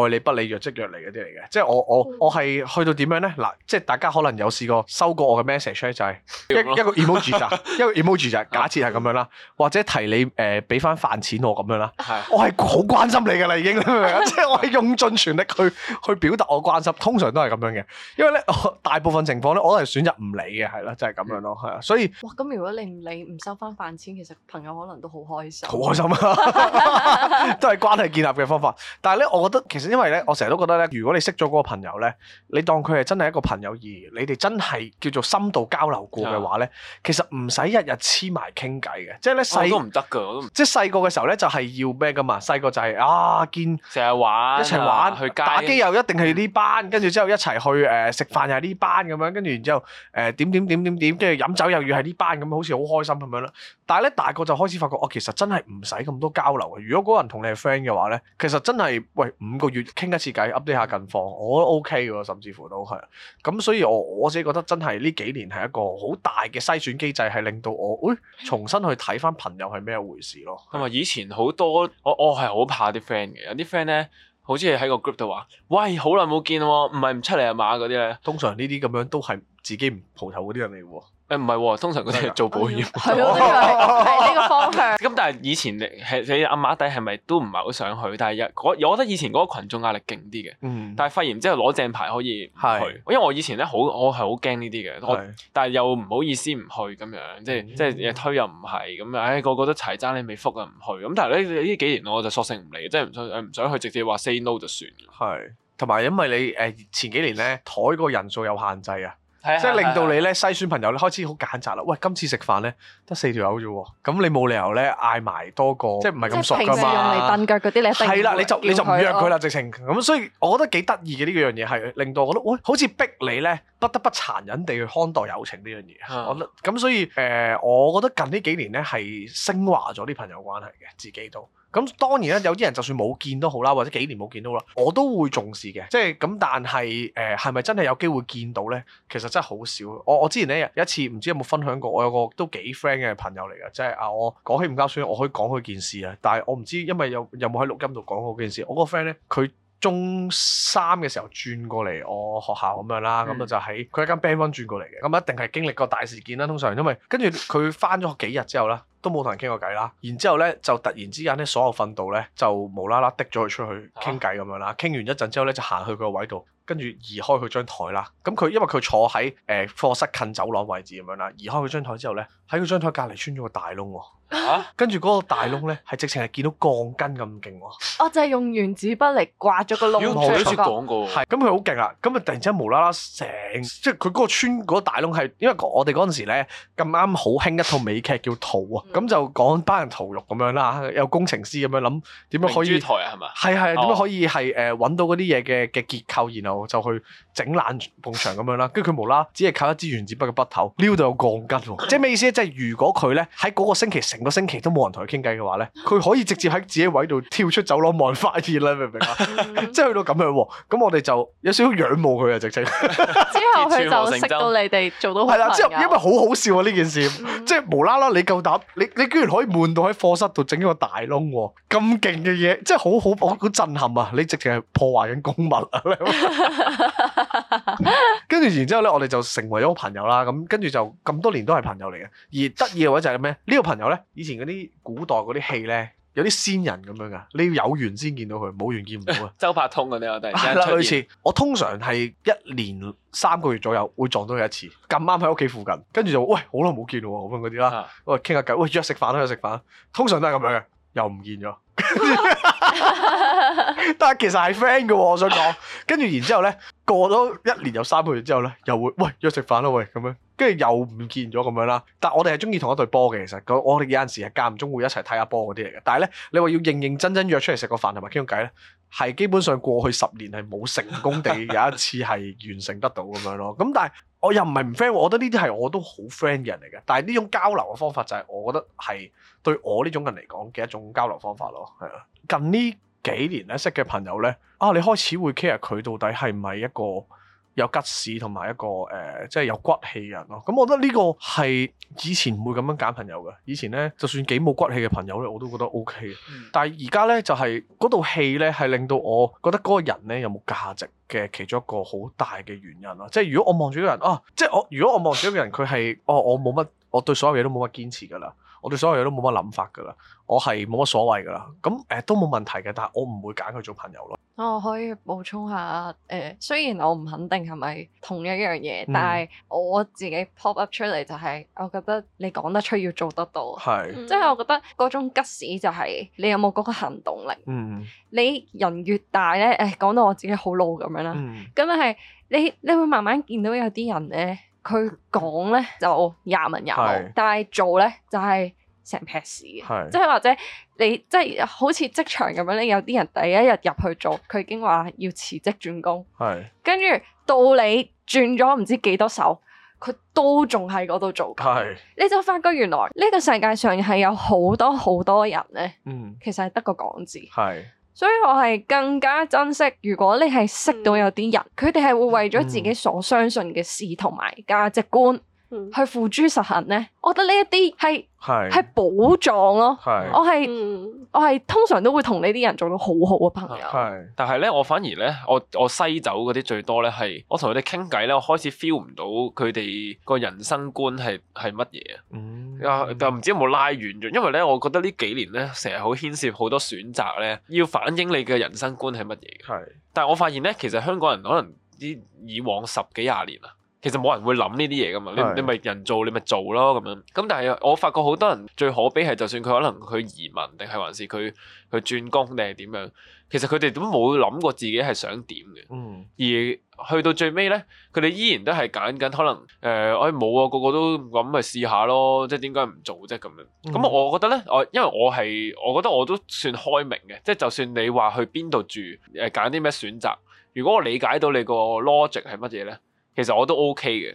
愛理不理、若即若離嗰啲嚟嘅，即係我我我係去到點樣咧嗱，即係大家可能有試過收過我嘅 message 就係一一個 emoji 就係一個 emoji 就係 *laughs* 假設係咁樣啦，或者提你誒俾翻飯錢我咁樣啦，我係好關心你嘅啦已經，即係我係用盡全力去去表達我關心，通常都係咁樣嘅，因為咧大部分情況咧我都係選擇唔理嘅，係、嗯、啦，就係咁樣咯，係、哦、啊，所以哇，咁如果你唔理唔收翻飯錢，其實朋友我。可能都好開心，好開心啊！都係關係建立嘅方法。但係咧，我覺得其實因為咧，我成日都覺得咧，如果你識咗嗰個朋友咧，你當佢係真係一個朋友而你哋真係叫做深度交流過嘅話咧，其實唔使日日黐埋傾偈嘅。即係咧細都唔得㗎，都即係細個嘅時候咧就係要咩㗎嘛？細個就係啊，見成日玩一齊玩，去打機又一定係呢班，跟住之後一齊去誒食飯又係呢班咁樣，跟住然之後誒點點點點點，跟住飲酒又要係呢班咁，好似好開心咁樣啦。但係咧，大個就開始。發覺我其實真係唔使咁多交流嘅。如果嗰個人同你係 friend 嘅話咧，其實真係喂五個月傾一次偈 update 下近況，我都 OK 嘅喎。甚至乎都係。咁所以我我自己覺得真係呢幾年係一個好大嘅篩選機制，係令到我誒、哎、重新去睇翻朋友係咩回事咯。係咪以前好多我我係好怕啲 friend 嘅，有啲 friend 咧，好似喺個 group 度話，喂，好耐冇見喎，唔係唔出嚟啊嘛嗰啲咧，呢通常呢啲咁樣都係自己唔蒲頭嗰啲人嚟喎。誒唔係喎，通常嗰啲係做保險。係咯，所以係係呢個方向。咁 *noise* 但係以前你係你阿媽底係咪都唔係好想去？但係一我我覺得以前嗰個羣眾壓力勁啲嘅。嗯、但係發現之後攞正牌可以唔去，是因為我以前咧好我係好驚呢啲嘅。係是。但係又唔好意思唔去咁樣，即係即係推又唔係咁樣。唉、嗯，個個都齊爭你未覆啊，唔去。咁但係咧呢幾年我就索性唔嚟，即係唔想唔想去直接話 say no 就算。係。同埋因為你誒前幾年咧台個人數有限制啊。即係令到你咧篩選朋友咧開始好揀擇啦，喂，今次食飯咧得四條友啫，咁你冇理由咧嗌埋多個，即係唔係咁熟噶嘛。平時用嚟墊腳嗰啲你係係啦，你就過你就唔約佢啦，直情咁，啊、所以我覺得幾得意嘅，呢樣嘢係令到我覺得喂，好似逼你咧不得不殘忍地去看待友情呢樣嘢，嗯、我覺得咁所以誒、呃，我覺得近呢幾年咧係昇華咗啲朋友關係嘅，自己都。咁當然啦，有啲人就算冇見都好啦，或者幾年冇見到啦，我都會重視嘅，即係咁。但係誒，係咪真係有機會見到呢？其實真係好少。我我之前呢，有一次，唔知有冇分享過，我有個都幾 friend 嘅朋友嚟嘅，即係啊，我講起五交書，我可以講佢件事啊。但係我唔知，因為有有冇喺錄音度講過件事，我個 friend 呢，佢。中三嘅時候轉過嚟我學校咁樣啦、啊，咁就就喺佢一間 band one 轉過嚟嘅，咁一定係經歷過大事件啦、啊。通常因為跟住佢返咗幾日之後呢，都冇同人傾過偈啦、啊。然之後呢，就突然之間呢，所有訓導呢就無啦啦滴咗佢出去傾偈咁樣啦。傾完一陣之後呢，就行去佢個位度，跟住移開佢張台啦。咁佢因為佢坐喺誒課室近走廊位置咁樣啦，移開佢張台之後呢，喺個張台隔離穿咗個大窿喎、啊，啊、跟住嗰個大窿咧，係直情係見到鋼筋咁勁喎。 *laughs* 我就係用原子筆嚟刮咗個窿，冇講過。咁佢好勁啊！咁、嗯、啊、嗯，突然之間無啦啦成，即係佢嗰個穿嗰個大窿係，因為我哋嗰陣時咧咁啱好興一套美劇叫《逃》啊，咁、嗯嗯、就講班人逃獄咁樣啦、啊，有工程師咁樣諗點樣可以明珠台啊？係嘛？係係，點樣，怎樣、哦、可以係誒揾到嗰啲嘢嘅嘅結構，然後就去整爛墻、墻咁樣啦。跟住佢無啦，只係靠一支原子筆嘅筆頭撩到有鋼筋喎、啊，即係咩意思？ *laughs* 即係如果佢咧喺嗰個星期成個星期都冇人同佢傾偈嘅話咧，佢可以直接喺自己位度跳出走廊望快啲啦，明唔明啊？ *laughs* *laughs* 即係去到咁樣喎，咁我哋就有少少仰慕佢啊！直情 *laughs* *laughs* 之後佢就識到你哋做到朋友。係啦，因為好好笑啊！呢件事 *laughs* *laughs* 即係無啦啦，你夠膽，你你居然可以悶到喺課室度整咗個大窿喎！咁勁嘅嘢，即係好好好好震撼啊！你直情係破壞緊公物啊！ *laughs* *laughs* 跟住然之後呢，我哋就成為咗朋友啦。咁跟住就咁多年都係朋友嚟嘅。而得意嘅話就係咩？呢個朋友呢，以前嗰啲古代嗰啲戲呢，有啲仙人咁樣噶，你要有緣先見到佢，冇緣見唔到 *laughs* 啊。周柏通嗰啲啊，第一係啦，類似我通常係一年三個月左右會撞到佢一次，咁啱喺屋企附近，跟住就喂，好耐冇見咯，咁樣嗰啲啦。喂，傾下偈，喂，約食飯都約食飯。通常都係咁樣嘅，又唔見咗。 *laughs* *laughs* *laughs* 但係其實係 friend 嘅喎，我想講。跟住然之後呢。過咗一年又三個月之後咧，又會喂約食飯啦喂咁樣，跟住又唔見咗咁樣啦。但係我哋係中意同一隊波嘅，其實我哋有陣時係間唔中會一齊睇下波嗰啲嚟嘅。但係咧，你話要認認真真約出嚟食個飯同埋傾緊偈咧，係基本上過去十年係冇成功地有一次係完成得到咁樣咯。咁但係我又唔係唔 friend，我覺得呢啲係我都好 friend 嘅人嚟嘅。但係呢種交流嘅方法就係我覺得係對我呢種人嚟講嘅一種交流方法咯，係啊。近呢幾年咧識嘅朋友咧，啊你開始會 care 佢到底係唔係一個有骨氣同埋一個誒、呃，即係有骨氣嘅人咯。咁、嗯嗯、我覺得呢個係以前唔會咁樣揀朋友嘅。以前咧，就算幾冇骨氣嘅朋友咧，我都覺得 O、OK、K 嘅。但係而家咧就係嗰度氣咧，係令到我覺得嗰個人咧有冇價值嘅其中一個好大嘅原因咯。即係如果我望住一個人，啊，即係我如果我望住一個人，佢係哦，我冇乜，我對所有嘢都冇乜堅持㗎啦。我對所有嘢都冇乜諗法㗎啦，我係冇乜所謂㗎啦。咁誒都冇問題嘅，但係我唔會揀佢做朋友咯。我可以補充下誒、呃，雖然我唔肯定係咪同一樣嘢，但係我自己 pop up 出嚟就係我覺得你講得出要做得到，係即係我覺得嗰種吉士就係你有冇嗰個行動力。嗯，你人越大咧，誒、呃、講到我自己好老咁樣啦，咁係、嗯、你你會，會慢慢見到有啲人咧。佢講咧就廿文廿毫，是但係做咧就係成撇屎嘅，即係是或者你即係、即係、好似職場咁樣，咧有啲人第一日入去做，佢已經話要辭職轉工，跟住是到你轉咗唔知幾多手，佢都仲喺嗰度做緊，是你就發覺原來呢個世界上係有好多好多人咧，嗯、其實係得個講字。所以我係更加珍惜，如果你係識到有啲人，佢哋係會為咗自己所相信嘅事同埋價值觀，去付諸實行呢，我覺得呢一啲係係係寶藏咯、啊是嗯，我係我係通常都會同呢啲人做到好好嘅朋友，係是。但係呢，我反而呢，我我西走嗰啲最多呢，係我同佢哋傾偈呢，我開始 feel 唔到佢哋個人生觀係係乜嘢啊，又唔、嗯嗯、知有冇拉遠咗，因為呢，我覺得呢幾年呢，成日好牽涉好多選擇呢，要反映你嘅人生觀係乜嘢係。是但係我發現呢，其實香港人可能啲以往十幾廿年啊。其實冇人會諗呢啲嘢噶嘛，是的 你你咪人做你咪做咯咁樣。咁但係我發覺好多人最可悲係，就算佢可能佢移民，定係還是佢去轉工，定係點樣，其實佢哋都冇諗過自己係想點嘅。嗯。而去到最尾咧，佢哋依然都係揀緊可能誒、呃，哎冇啊，個個都咁咪試下咯，即係點解唔做啫咁樣。咁、嗯嗯、我覺得咧，我因為我係，我覺得我都算開明嘅，即係就算你話去邊度住，誒揀啲咩選擇，如果我理解到你個 logic 係乜嘢咧？其實我都 OK 嘅，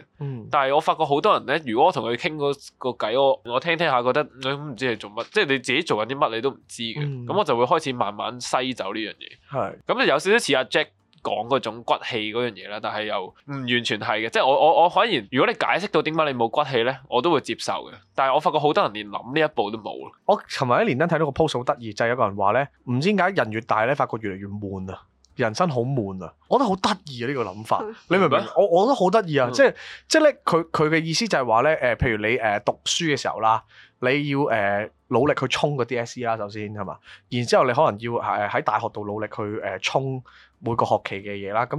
但係我發覺好多人咧，如果我同佢傾嗰個偈，我我聽聽下覺得都唔、嗯、知係做乜，即係你自己做緊啲乜你都唔知嘅，咁、嗯、我就會開始慢慢篩走呢樣嘢。係的，咁有少少似阿 Jack 講嗰種骨氣嗰樣嘢啦，但係又唔完全係嘅，即係我我我反而，如果你解釋到點解你冇骨氣咧，我都會接受嘅。但係我發覺好多人連諗呢一步都冇。我尋日喺連登睇到個 post 好得意，就係、是、有個人話咧，唔知點解人越大咧，發覺越嚟越悶啊！人生好悶啊！我覺得好得意啊！呢個諗法，你明唔明？ *laughs* 我我覺得好得意啊！ *laughs* 即係即係咧，佢佢嘅意思就係話咧，誒、呃，譬如你誒讀書嘅時候啦，你要誒、呃、努力去衝個 DSE 啦、啊，首先係嘛，然之後你可能要喺喺大學度努力去誒衝。每個學期嘅嘢啦，咁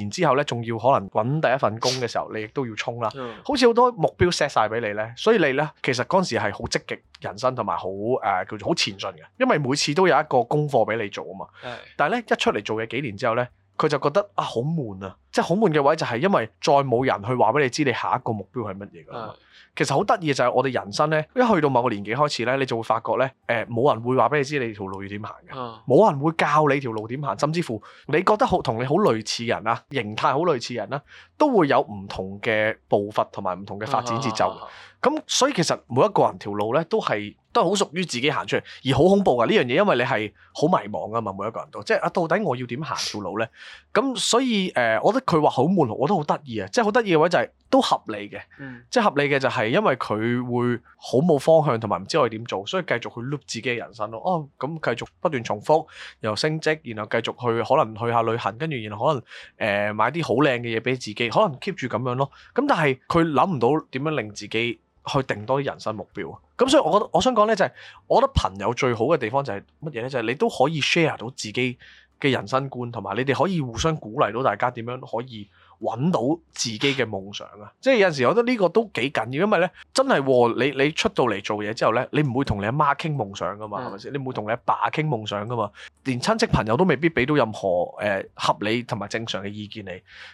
然之後呢，仲要可能揾第一份工嘅時候，你亦都要衝啦。好似好多目標 set 曬俾你呢，所以你呢，其實嗰陣時係好積極人生同埋好誒叫做好前進嘅，因為每次都有一個功課俾你做啊嘛。但係呢，一出嚟做嘢幾年之後呢。佢就覺得啊好悶啊，即係好悶嘅位就係因為再冇人去話俾你知你下一個目標係乜嘢㗎。是的 其實好得意嘅就係我哋人生呢，一去到某個年紀開始呢，你就會發覺呢，誒、呃、冇人會話俾你知你條路要點行嘅，冇是的 人會教你條路點行，是的 甚至乎你覺得好同你好類似人啊，形態好類似人啦、啊，都會有唔同嘅步伐同埋唔同嘅發展節奏。咁、啊、哈 所以其實每一個人條路呢，都係。好屬於自己行出嚟，而好恐怖噶呢樣嘢，因為你係好迷茫噶嘛，每一個人都，即係啊，到底我要點行條路呢？咁 *laughs* 所以誒、呃，我覺得佢話好悶，我都好得意啊！即係好得意嘅位就係、是、都合理嘅，嗯、即係合理嘅就係因為佢會好冇方向，同埋唔知我哋點做，所以繼續去碌自己嘅人生咯。哦，咁、嗯、繼續不斷重複，又升職，然後繼續去可能去下旅行，跟住然後可能誒、呃、買啲好靚嘅嘢俾自己，可能 keep 住咁樣咯。咁但係佢諗唔到點樣令自己。去定多啲人生目標啊！咁所以，我覺得我想講呢，就係、是、我覺得朋友最好嘅地方就係乜嘢呢？就係、是、你都可以 share 到自己嘅人生觀，同埋你哋可以互相鼓勵到大家點樣可以揾到自己嘅夢想啊！ *laughs* 即係有陣時，我覺得呢個都幾緊要，因為呢真係、哦、你你出到嚟做嘢之後呢，你唔會同你阿媽傾夢想噶嘛，係咪先？你唔會同你阿爸傾夢想噶嘛？連親戚朋友都未必俾到任何誒、呃、合理同埋正常嘅意見你。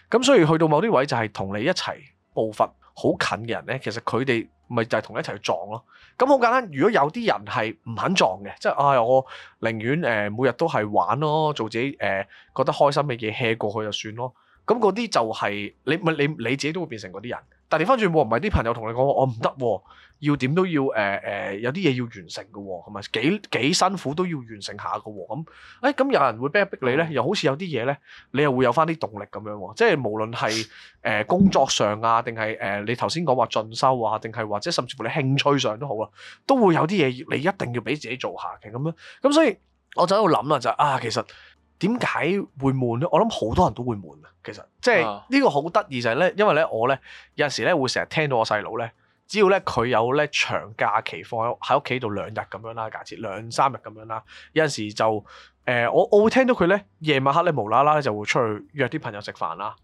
咁所以去到某啲位就係同你一齊步伐好近嘅人呢，其實佢哋。咪就係同你一齊去撞咯，咁好簡單，如果有啲人係唔肯撞嘅，即係啊、哎，我寧願誒每日都係玩咯，做自己誒、呃、覺得開心嘅嘢 hea 過去就算咯。咁嗰啲就係、是、你咪你你自己都會變成嗰啲人。但調翻轉喎，唔係啲朋友同你講我唔得，要點都要誒誒、呃呃，有啲嘢要完成嘅喎，係咪幾幾辛苦都要完成下嘅喎？咁誒咁有人會逼一逼你咧，又好似有啲嘢咧，你又會有翻啲動力咁樣喎。即係無論係誒、呃、工作上啊，定係誒你頭先講話進修啊，定係或者甚至乎你興趣上都好啊，都會有啲嘢你一定要俾自己做下嘅咁樣。咁所以我就喺度諗啊，就啊其實。點解會悶咧？我諗好多人都會悶啊！其實即係呢個好得意就係、是、咧，因為咧我咧有陣時咧會成日聽到我細佬咧，只要咧佢有咧長假期放喺屋企度兩日咁樣啦，假設兩三日咁樣啦，有陣時就誒、呃、我我會聽到佢咧夜晚黑咧無啦啦咧就會出去約啲朋友食飯啦，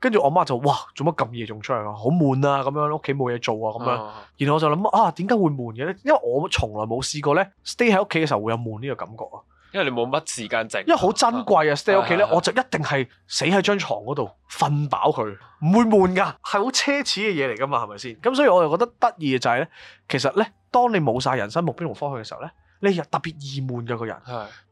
跟住我媽就哇做乜咁夜仲出去？啊？好悶啊！咁樣屋企冇嘢做啊！咁樣，樣 uh, 然後我就諗啊點解會悶嘅咧？因為我從來冇試過咧 stay 喺屋企嘅時候會有悶呢個感覺啊！因為你冇乜時間整，因為好珍貴啊！stay 屋企咧，我就一定係死喺張床嗰度瞓飽佢，唔會悶噶，係好奢侈嘅嘢嚟噶嘛，係咪先？咁所以我又覺得得意嘅就係咧，其實咧，當你冇晒人生目標同方向嘅時候咧。呢日特別悶嘅個人，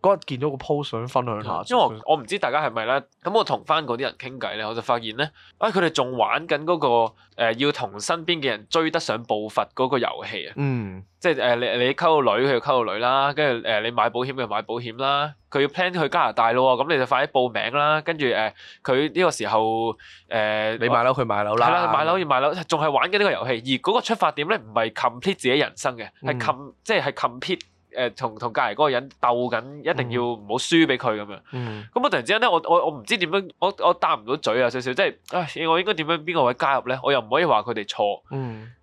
嗰日見到個 po 相分享下，因為我我唔知大家係咪咧，咁、嗯、我同翻嗰啲人傾偈咧，我就發現咧，啊佢哋仲玩緊、那、嗰個、呃、要同身邊嘅人追得上步伐嗰個遊戲啊，嗯，即係誒、呃、你你溝到女佢就溝女啦，跟住誒你買保險佢買保險啦，佢要 plan 去加拿大咯喎，咁你就快啲報名啦，跟住誒佢呢個時候誒、呃、你買樓佢買樓啦，買樓要買樓仲係玩緊呢個遊戲，而嗰個出發點咧唔係 complete 自己人生嘅，係、嗯、com 即係 complete。誒、呃、同同隔離嗰個人鬥緊，一定要唔好輸俾佢咁樣。咁我、嗯、突然之間咧，我我我唔知點樣，我我答唔到嘴啊！少少即係，唉，我應該點樣邊個位加入咧？我又唔可以話佢哋錯。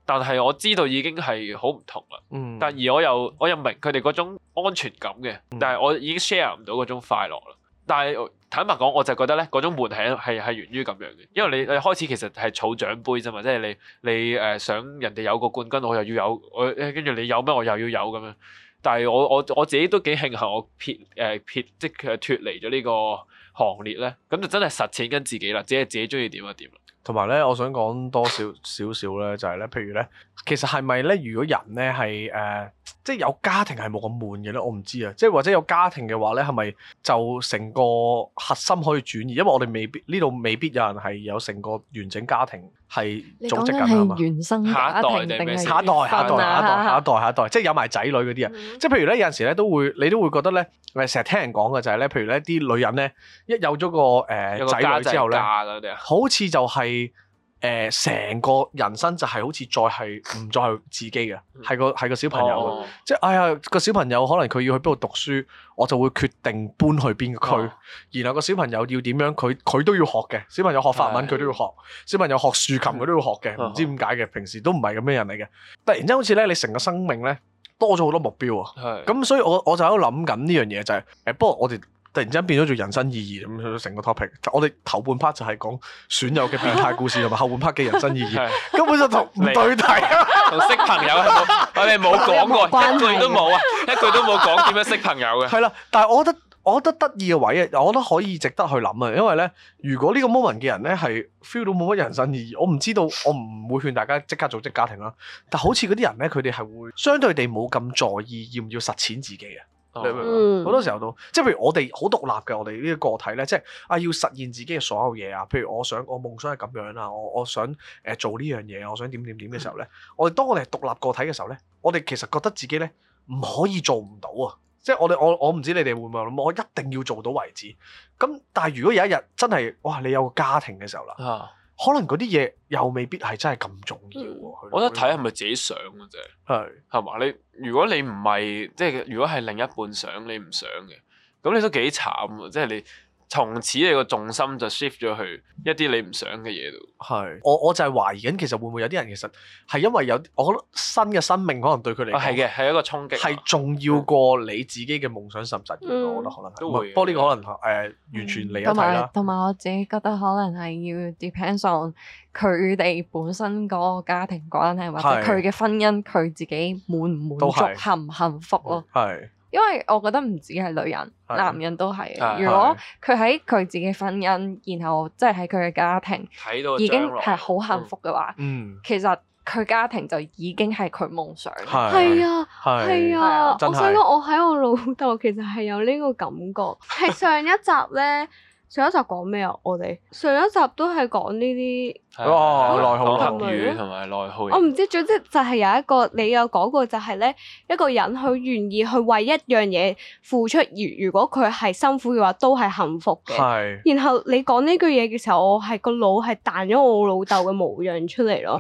但係我知道已經係好唔同啦。但而我又我又明佢哋嗰種安全感嘅，但係我已經 share 唔到嗰種快樂啦。但係坦白講，我就覺得咧嗰種悶係係源於咁樣嘅，因為你你、呃、開始其實係儲獎杯啫嘛，即係你你誒、呃、想人哋有個冠軍，我又要有我，跟、哎、住你有咩我又要有咁樣。但係我我我自己都幾慶幸我撇誒撇，撇即係脫離咗呢個行列咧，咁就真係實踐緊自己啦，只係自己中意點就點。同埋咧，我想講多 *laughs* 少少少咧，就係咧，譬如咧，其實係咪咧？如果人咧係誒，即係有家庭係冇咁悶嘅咧，我唔知啊。即係或者有家庭嘅話咧，係咪就成個核心可以轉移？因為我哋未必呢度未必有人係有成個完整家庭。係組織咁樣嘛，下一代定下一代，原生下一代，下一代，下一代，下一代，即係有埋仔女嗰啲人，即係、嗯、譬如咧，有陣時咧都會，你都會覺得咧，我成日聽人講嘅就係、是、咧，譬如咧啲女人咧一有咗個誒仔女之後咧，好似就係、是。誒成個人生就係好似再係唔再係自己嘅，係 *laughs* 個係個小朋友，哦、即係哎呀個小朋友可能佢要去邊度讀書，我就會決定搬去邊個區。哦、然後個小朋友要點樣，佢佢都要學嘅。小朋友學法文佢都要學，是 小朋友學豎琴佢都要學嘅。唔 *laughs* 知點解嘅，平時都唔係咁咩人嚟嘅。突然之間好似咧，你成個生命咧多咗好多目標啊！咁是 所以，我我就喺度諗緊呢樣嘢就係、係、誒，不過我哋。突然之間變咗做人生意義咁樣，成個 topic。我哋頭半 part 就係講損友嘅變態故事，同埋後半 part 嘅人生意義，根本就同唔對題。同 *laughs* 啊、識朋友係冇，我哋冇講過，一句都冇啊，一句都冇講點樣識朋友嘅。係啦、 *laughs* 啊，但係我覺得我覺得我覺得得意嘅位啊，我覺得可以值得去諗啊。因為咧，如果呢個 moment 嘅人咧係 feel 到冇乜人生意義，我唔知道，我唔會勸大家即刻組織家庭啦。但好似嗰啲人咧，佢哋係會相對地冇咁在意要唔要實踐自己嘅。好、嗯、多時候都，即係譬如我哋好獨立嘅，我哋呢個個體咧，即係啊要實現自己嘅所有嘢。啊譬如我想我夢想係咁樣啦，我我想誒做呢樣嘢，我想點點點嘅時候咧，嗯、我哋當我哋係獨立個體嘅時候咧，我哋其實覺得自己咧唔可以做唔到啊。即係我哋我我唔知你哋會唔會諗，我一定要做到為止。咁但係如果有一日真係哇，你有個家庭嘅時候啦。啊可能嗰啲嘢又未必係真係咁重要。我覺得睇係咪自己想嘅啫。係係嘛？你如果你唔係即係，如果係另一半想你唔想嘅，咁你都幾慘。即係你。從此你個重心就 shift 咗去一啲你唔想嘅嘢度。係，我我就係懷疑緊，其實會唔會有啲人其實係因為有，我覺得新嘅生命可能對佢嚟講係嘅，係、啊、一個衝擊、啊，係重要過你自己嘅夢想實唔實現、嗯、我覺得可能、嗯、都會不。不過呢個可能誒、呃、完全離一體啦。同埋我自己覺得可能係要 depends on 佢哋本身嗰個家庭關係或者佢嘅婚姻，佢自己滿唔滿足、幸唔幸福咯。係。嗯。因為我覺得唔止係女人，的男人都係。的如果佢喺佢自己婚姻，的然後即係喺佢嘅家庭，睇到已經係好幸福嘅話，嗯、其實佢家庭就已經係佢夢想。係啊，係啊，我想講我喺我老豆其實係有呢個感覺。係 *laughs* 上一集咧。上一集講咩啊？我哋上一集都係講呢啲哦，內耗同埋內耗。我唔知，總之就係有一個你有講過，就係咧一個人佢願意去為一樣嘢，付出而如果佢係辛苦嘅話都係幸福嘅。係是。然後你講呢句嘢嘅時候，我係個腦係彈咗我老豆嘅模樣出嚟咯，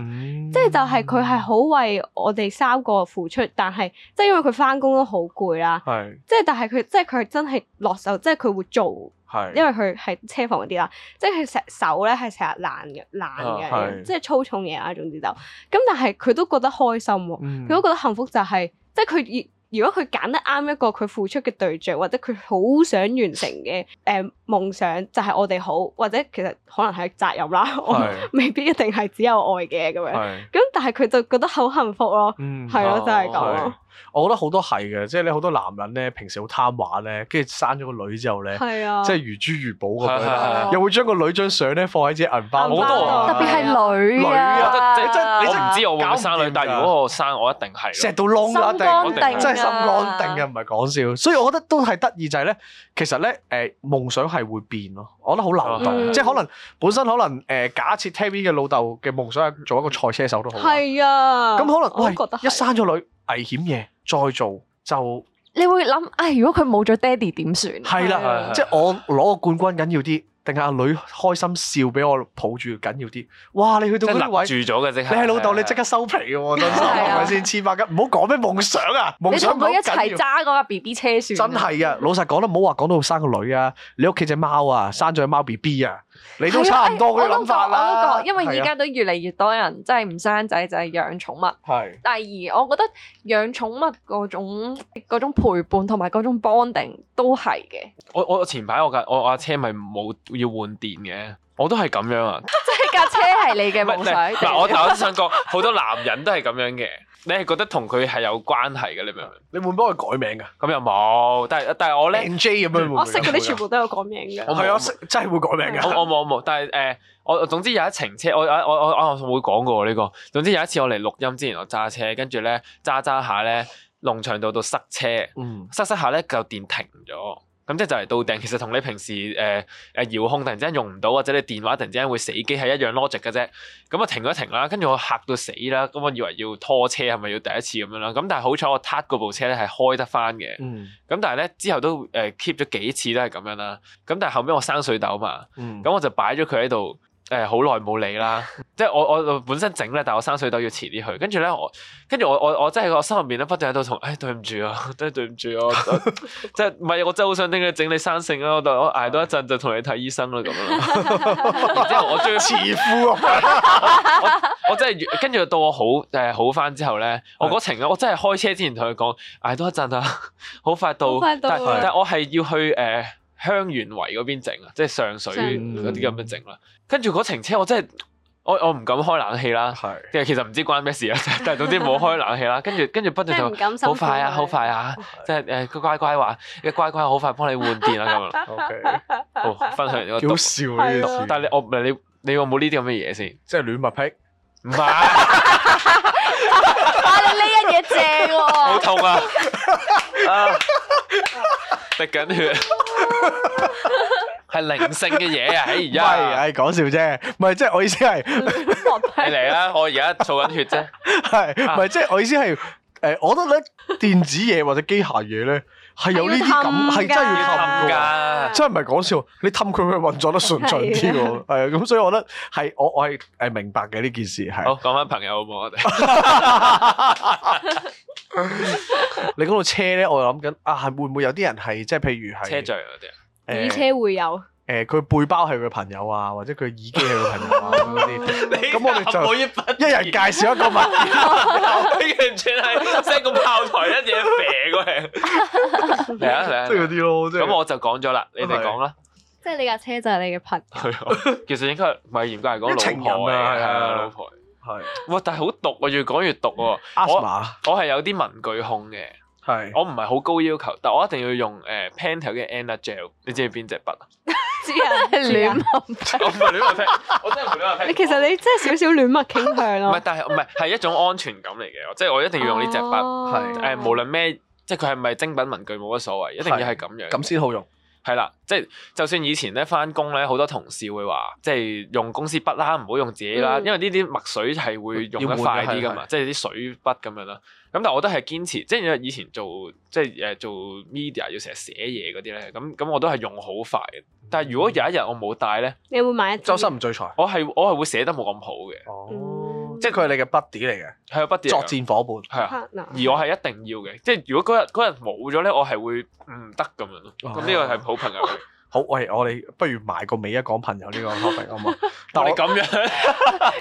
即係、嗯、就係佢係好為我哋三個付出，但係即係因為佢翻工都好攰啦。係是。即係但係佢即係佢真係落手，即係佢會做。因為佢係車房嗰啲啦，即係佢成手咧係成日爛嘅爛嘅，啊、即係粗重嘢啦。總之就咁、是，但係佢都覺得開心喎，佢、嗯、都覺得幸福就係、是，即係佢如果佢揀得啱一個佢付出嘅對象，或者佢好想完成嘅誒夢想，就係我哋好，或者其實可能係責任啦，是我未必一定係只有愛嘅咁樣咁。是嗯但係佢就覺得好幸福咯，係咯，就係咁。我覺得好多係嘅，即係你好多男人咧，平時好貪玩咧，跟住生咗個女之後咧，即係如珠如寶咁樣，又會將個女張相咧放喺自己銀包度。好多特別係女女啊！你真你唔知我會生女，但係如果我生，我一定係錫到窿啊！一定真係心安定嘅，唔係講笑。所以我覺得都係得意就係咧，其實咧，誒夢想係會變咯。我覺得好流，嗯、即係可能本身可能誒、呃、假設 TVB 嘅老豆嘅夢想係做一個賽車手都好。係啊，咁可能我覺得喂，一生咗女，危險嘢再做就你會諗，唉、哎，如果佢冇咗爹哋點算？係啦，即係我攞個冠軍緊要啲。定係阿女開心笑畀我抱住緊要啲，哇！你去到呢位住咗嘅即刻，你係老豆，的你即刻收皮喎，係咪的的先？千百斤唔好講咩夢想啊！夢想同佢一齊揸嗰架 B B 車算真係啊！老實講啦，唔好話講到生個女啊，你屋企隻貓啊，生咗隻貓 B B 啊！你都差唔多嘅諗法啦，我都覺，因為而家都越嚟越多人是、啊、真係唔生仔，就係養寵物。係是。第二，我覺得養寵物嗰種嗰種陪伴同埋嗰種 bonding 都係嘅。我前我前排我架我架車咪冇要換電嘅，我都係咁樣啊。 *laughs* *laughs* 即係架車係你嘅夢想。嗱， *laughs* 但你但我但係我想講，好多男人都係咁樣嘅。你係覺得同佢係有關係嘅，你明唔明？你會唔會幫佢改名嘅？咁又冇，但係但係我咧，我識嗰啲全部都有改名嘅。我係我識真係會改名嘅。我冇，我冇但係誒，我總之有一程車，我我我我會講過喎呢個。總之有一次我嚟錄音之前，我揸車，跟住咧揸揸下咧，農場道度塞車，嗯、塞塞下咧嚿電停咗。咁即係就嚟到定，其實同你平時誒誒、呃啊、遙控突然之間用唔到，或者你電話突然之間會死機係一樣 logic 嘅啫。咁啊停咗一停啦，跟住我嚇到死啦，咁我以為要拖車係咪要第一次咁樣啦？咁但係好彩我撻嗰部車咧係開得翻嘅。咁但係咧之後都誒 keep 咗幾次都係咁樣啦。咁但係後尾我生水痘嘛，咁、嗯、我就擺咗佢喺度。誒好耐冇理啦，即係我我本身整咧，但係我生水痘要遲啲去，跟住咧我跟住我我我即係我心入面咧不斷喺度同，誒、哎、對唔住啊，真係對唔住啊，即係唔係我真係好想點佢整你生性你生 *laughs* 啊， *laughs* *laughs* 我我挨多一陣就同你睇醫生啦咁樣，之後我仲要恥負啊，我真係跟住到我好誒、呃、好翻之後咧，我嗰程的我真係開車之前同佢講，挨多，多一陣啊，好快到，但係我係要去誒。呃香園圍嗰邊整啊，即係上水嗰啲咁樣整啦。跟住嗰程車我真係我我唔敢開冷氣啦，係其實唔知關咩事啊，但係總之唔好開冷氣啦。跟住跟住不住，就，好快啊，好快啊，即係誒，佢乖乖話，你乖乖好快幫你換電啊咁。哦，分享，咗。好笑呢但係我唔係你你有冇呢啲咁嘅嘢先？即係暖麥癖？唔係，但係呢樣嘢正，好痛啊，滴緊血。係靈性嘅嘢啊！喺 *laughs* 而家係講笑啫，唔係即係我意思係嚟啦！我而家做緊血啫，係唔係即係我意思係誒？我覺得咧電子嘢或者機械嘢咧係有呢啲感，係 *laughs* 真係要氹噶， *laughs* 真係唔係講笑。你氹佢，佢運作得順暢啲嘅。係啊 *laughs* 是的，咁 *laughs* 所以我覺得係我我係誒明白嘅呢件事係。好講翻朋友好唔好我哋。 *laughs* *laughs* 你講到車咧，我諗緊啊，係會唔會有啲人係即係，譬如係車仗嗰啲啊，誒車會有誒，佢背包係佢朋友啊，或者佢耳機係佢朋友啊啲。咁我哋就一人介紹一個物件，完全係 set 個炮台，一嘢射過去。係啊，即係嗰啲咯。咁我就講咗啦，你哋講啦。即係你架車就係你嘅朋友。其實應該唔係，嚴格嚟講，老婆啊，係啊，老婆。係，哇！ *laughs* 但係好毒啊，越講越毒啊。嗯、我我係有啲文具控嘅，係是我唔係好高要求，但我一定要用誒 Pentel 嘅 Energel。你知唔知邊隻筆啊？知啊、哦，戀物癖。戀物癖，我真係唔戀物癖。你其實你真係少少戀物傾向咯。唔係， *laughs* 但係唔係，係一種安全感嚟嘅，即係我一定要用呢隻筆，係誒、哦，是無論咩，即係佢係咪精品文具冇乜所謂，一定要係咁樣，咁先是好用。係啦，即係就算以前咧返工咧，好多同事會話，即係用公司筆啦，唔好用自己啦，嗯、因為呢啲墨水係會用得快啲㗎嘛，即係啲水筆咁樣啦。咁但係我都係堅持，即係以前做即係誒做 media 要成日寫嘢嗰啲咧，咁咁我都係用好快。但係如果有一日我冇帶咧，你會買一支？周身唔聚財，我係我係會寫得冇咁好嘅。哦。即係佢係你嘅 buddy 嚟嘅，係個 buddy 作戰夥伴，係啊的。 *noise* 而我係一定要嘅，即係如果嗰日嗰日冇咗咧，我係會唔得咁樣咯。咁呢個係好朋友。好，喂，我哋不如埋個尾一講朋友呢個 topic，好唔好？但你咁樣，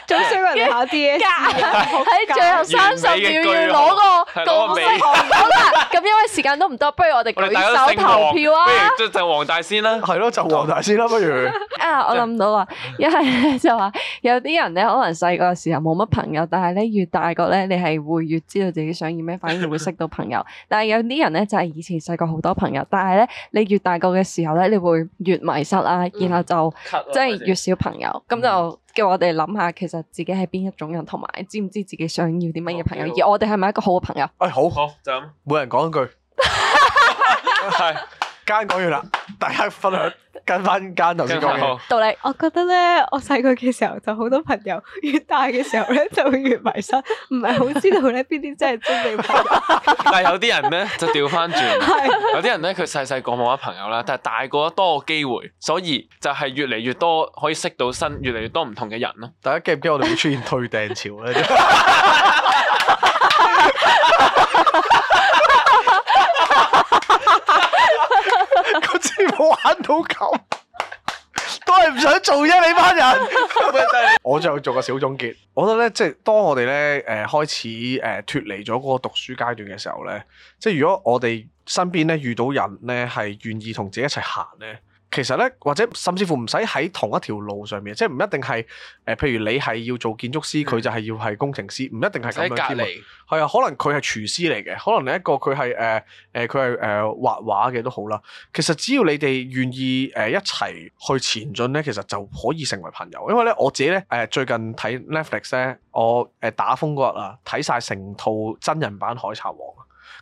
仲少人考啲嘢？喺最後三十秒要攞個個尾，好啦。咁因為時間都唔多，不如我哋舉手投票啊！不如就黃大仙啦，係咯，就黃大仙啦。不如啊，我諗到啊，一係就話有啲人咧，可能細個時候冇乜朋友，但係咧越大個咧，你係會越知道自己想要咩，反而會識到朋友。但係有啲人咧就係以前細個好多朋友，但係咧你越大個嘅時候咧，你會越迷失啦，然後就即係越少朋友，咁、嗯、就叫我哋諗下，其實自己係邊一種人，同埋知唔知自己想要啲乜嘢朋友，okay, 好而我哋係咪一個好嘅朋友？誒、哎，好好就咁，每人講一句，係， *laughs* *laughs* *laughs* 嘉欣講完啦，大家分享。跟翻間頭先講嘅道理，你我覺得咧，我細個嘅時候就好多朋友，越大嘅時候咧就會越迷失，唔係好知道咧邊啲真係真朋友。但係有啲人咧就調翻轉，有啲人咧佢細細個冇乜朋友啦，但係大個咗多個機會，所以就係越嚟越多可以識到新、越嚟越多唔同嘅人咯。 *laughs* 大家記唔記得我哋會出現退訂潮咧？ *laughs* 冇玩到咁， *laughs* 都係唔想做啫。你班人， *laughs* *laughs* 我就做個小總結。我覺得咧，即係當我哋咧，誒、呃、開始誒脫離咗嗰個讀書階段嘅時候咧，即係如果我哋身邊咧遇到人咧，係願意同自己一齊行咧。其實咧，或者甚至乎唔使喺同一條路上面，即係唔一定係誒、呃，譬如你係要做建築師，佢的就係要係工程師，唔一定係咁樣。隔離。係啊，可能佢係廚師嚟嘅，可能你一個佢係誒誒佢係誒畫畫嘅都好啦。其實只要你哋願意誒、呃、一齊去前進咧，其實就可以成為朋友。因為咧我自己咧誒、呃、最近睇 Netflix 咧，我誒打風嗰日啊，睇晒成套真人版《海賊王》。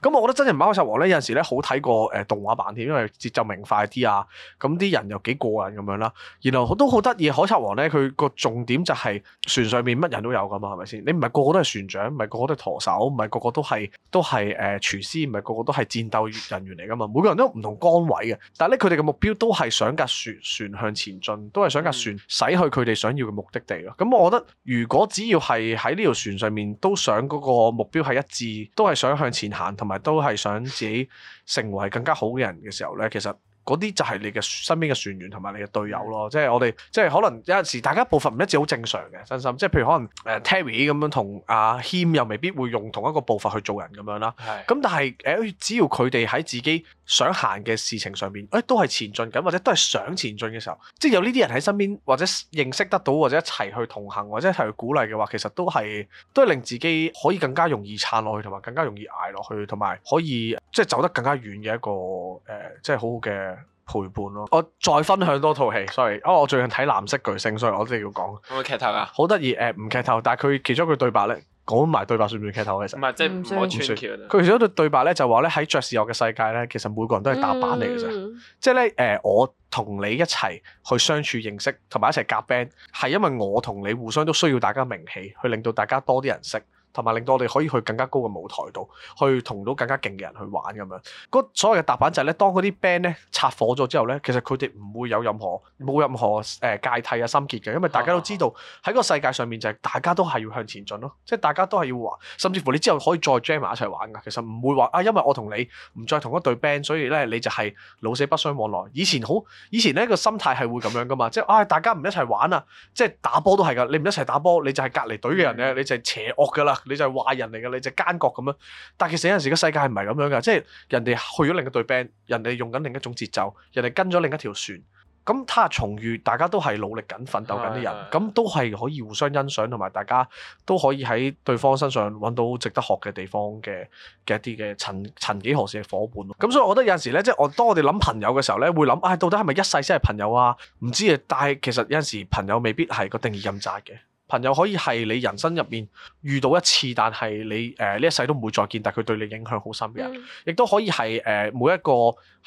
咁我覺得真人版《海賊王》咧有陣時咧好睇過誒動畫版添，因為節奏明快啲啊，咁、嗯、啲人又幾過癮咁樣啦。然後都好得意，《海賊王呢》咧佢個重點就係船上面乜人都有噶嘛，係咪先？你唔係個個都係船長，唔係個個都係舵手，唔係個個都係都係誒、呃、廚師，唔係個個都係戰鬥人員嚟噶嘛。每個人都唔同崗位嘅，但係咧佢哋嘅目標都係想架船船向前進，都係想架船駛去佢哋想要嘅目的地咯。咁、嗯、我覺得如果只要係喺呢條船上面都想嗰個目標係一致，都係想向前行同。同埋都係想自己成為更加好嘅人嘅時候咧，其實嗰啲就係你嘅身邊嘅船員同埋你嘅隊友咯，即係我哋即係可能有時大家步伐唔一致好正常嘅，真心即係譬如可能誒 Terri 咁樣同阿 Him 又未必會用同一個步伐去做人咁樣啦，咁是但係誒只要佢哋喺自己想行嘅事情上面，誒、哎、都係前進緊，或者都係想前進嘅時候，即係有呢啲人喺身邊，或者認識得到，或者一齊去同行，或者一齊去鼓勵嘅話，其實都係都係令自己可以更加容易撐落去，同埋更加容易捱落去，同埋可以即係走得更加遠嘅一個誒、呃，即係好好嘅陪伴咯。我再分享多套戲，sorry，哦，我最近睇藍色巨星，所以我都要講。冇劇透啊！好得意誒，唔、呃、劇透，但係佢其中一句對白呢。講埋對白算唔算劇頭？其實唔係，即係唔算。佢其實嗰對對白咧，就話咧喺爵士樂嘅世界咧，其實每個人都係打板嚟嘅啫。嗯、即係咧，誒、呃，我同你一齊去相處認識，同埋一齊夾 band，係因為我同你互相都需要大家名氣，去令到大家多啲人識。同埋令到我哋可以去更加高嘅舞台度，去同到更加勁嘅人去玩咁樣。嗰所謂嘅踏板就係咧，當嗰啲 band 咧拆夥咗之後咧，其實佢哋唔會有任何冇任何誒、呃、芥蒂啊、心結嘅，因為大家都知道喺、啊、個世界上面就係、係、大家都係要向前進咯，即係大家都係要玩，甚至乎你之後可以再 jam 埋一齊玩噶。其實唔會話啊，因為我同你唔再同一隊 band，所以咧你就係老死不相往來。以前好以前呢個心態係會咁樣噶嘛，即係啊大家唔一齊玩啊，即係打波都係噶，你唔一齊打波你就係隔離隊嘅人咧，嗯、你就係邪惡噶啦。你就係壞人嚟嘅，你就奸角咁樣。但其實有陣時個世界係唔係咁樣嘅，即係人哋去咗另一隊 band，人哋用緊另一種節奏，人哋跟咗另一條船。咁他重遇大家都係努力緊、奮鬥緊啲人，咁的都係可以互相欣賞，同埋大家都可以喺對方身上揾到值得學嘅地方嘅嘅一啲嘅曾曾幾何時嘅伙伴。咁所以我覺得有陣時呢，即係我當我哋諗朋友嘅時候呢，會諗啊，到底係咪一世先係朋友啊？唔知啊，但係其實有陣時朋友未必係個定義咁窄嘅。朋友可以係你人生入面遇到一次，但係你誒呢、呃、一世都唔會再見，但係佢對你影響好深嘅人，亦都、嗯、可以係誒、呃、每一個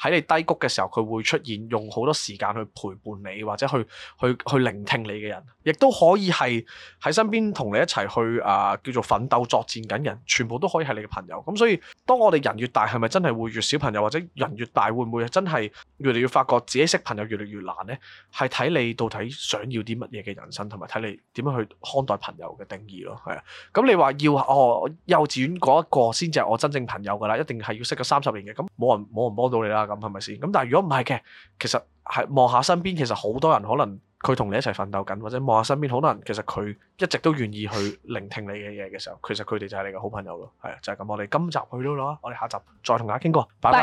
喺你低谷嘅時候，佢會出現用好多時間去陪伴你，或者去去，去，去聆聽你嘅人，亦都可以係喺身邊同你一齊去啊、呃、叫做奮鬥作戰緊人，全部都可以係你嘅朋友。咁所以當我哋人越大，係咪真係會越少朋友，或者人越大會唔會真係越嚟越發覺自己識朋友越嚟越難咧？係睇你到底想要啲乜嘢嘅人生，同埋睇你點樣去。看待朋友嘅定義咯，係啊，咁你話要哦幼稚園嗰一個先至係我真正朋友㗎喇，一定係要識咗三十年嘅，咁冇人冇人幫到你啦，咁係咪先？咁但係如果唔係嘅，其實係望下身邊，其實好多人可能佢同你一齊奮鬥緊，或者望下身邊，可能其實佢一直都願意去聆聽你嘅嘢嘅時候，其實佢哋就係你嘅好朋友咯，係啊，就係咁。我哋今集去到啦，我哋下集再同大家傾過，拜拜。拜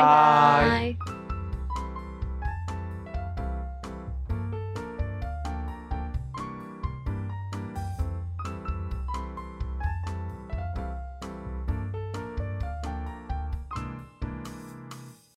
拜。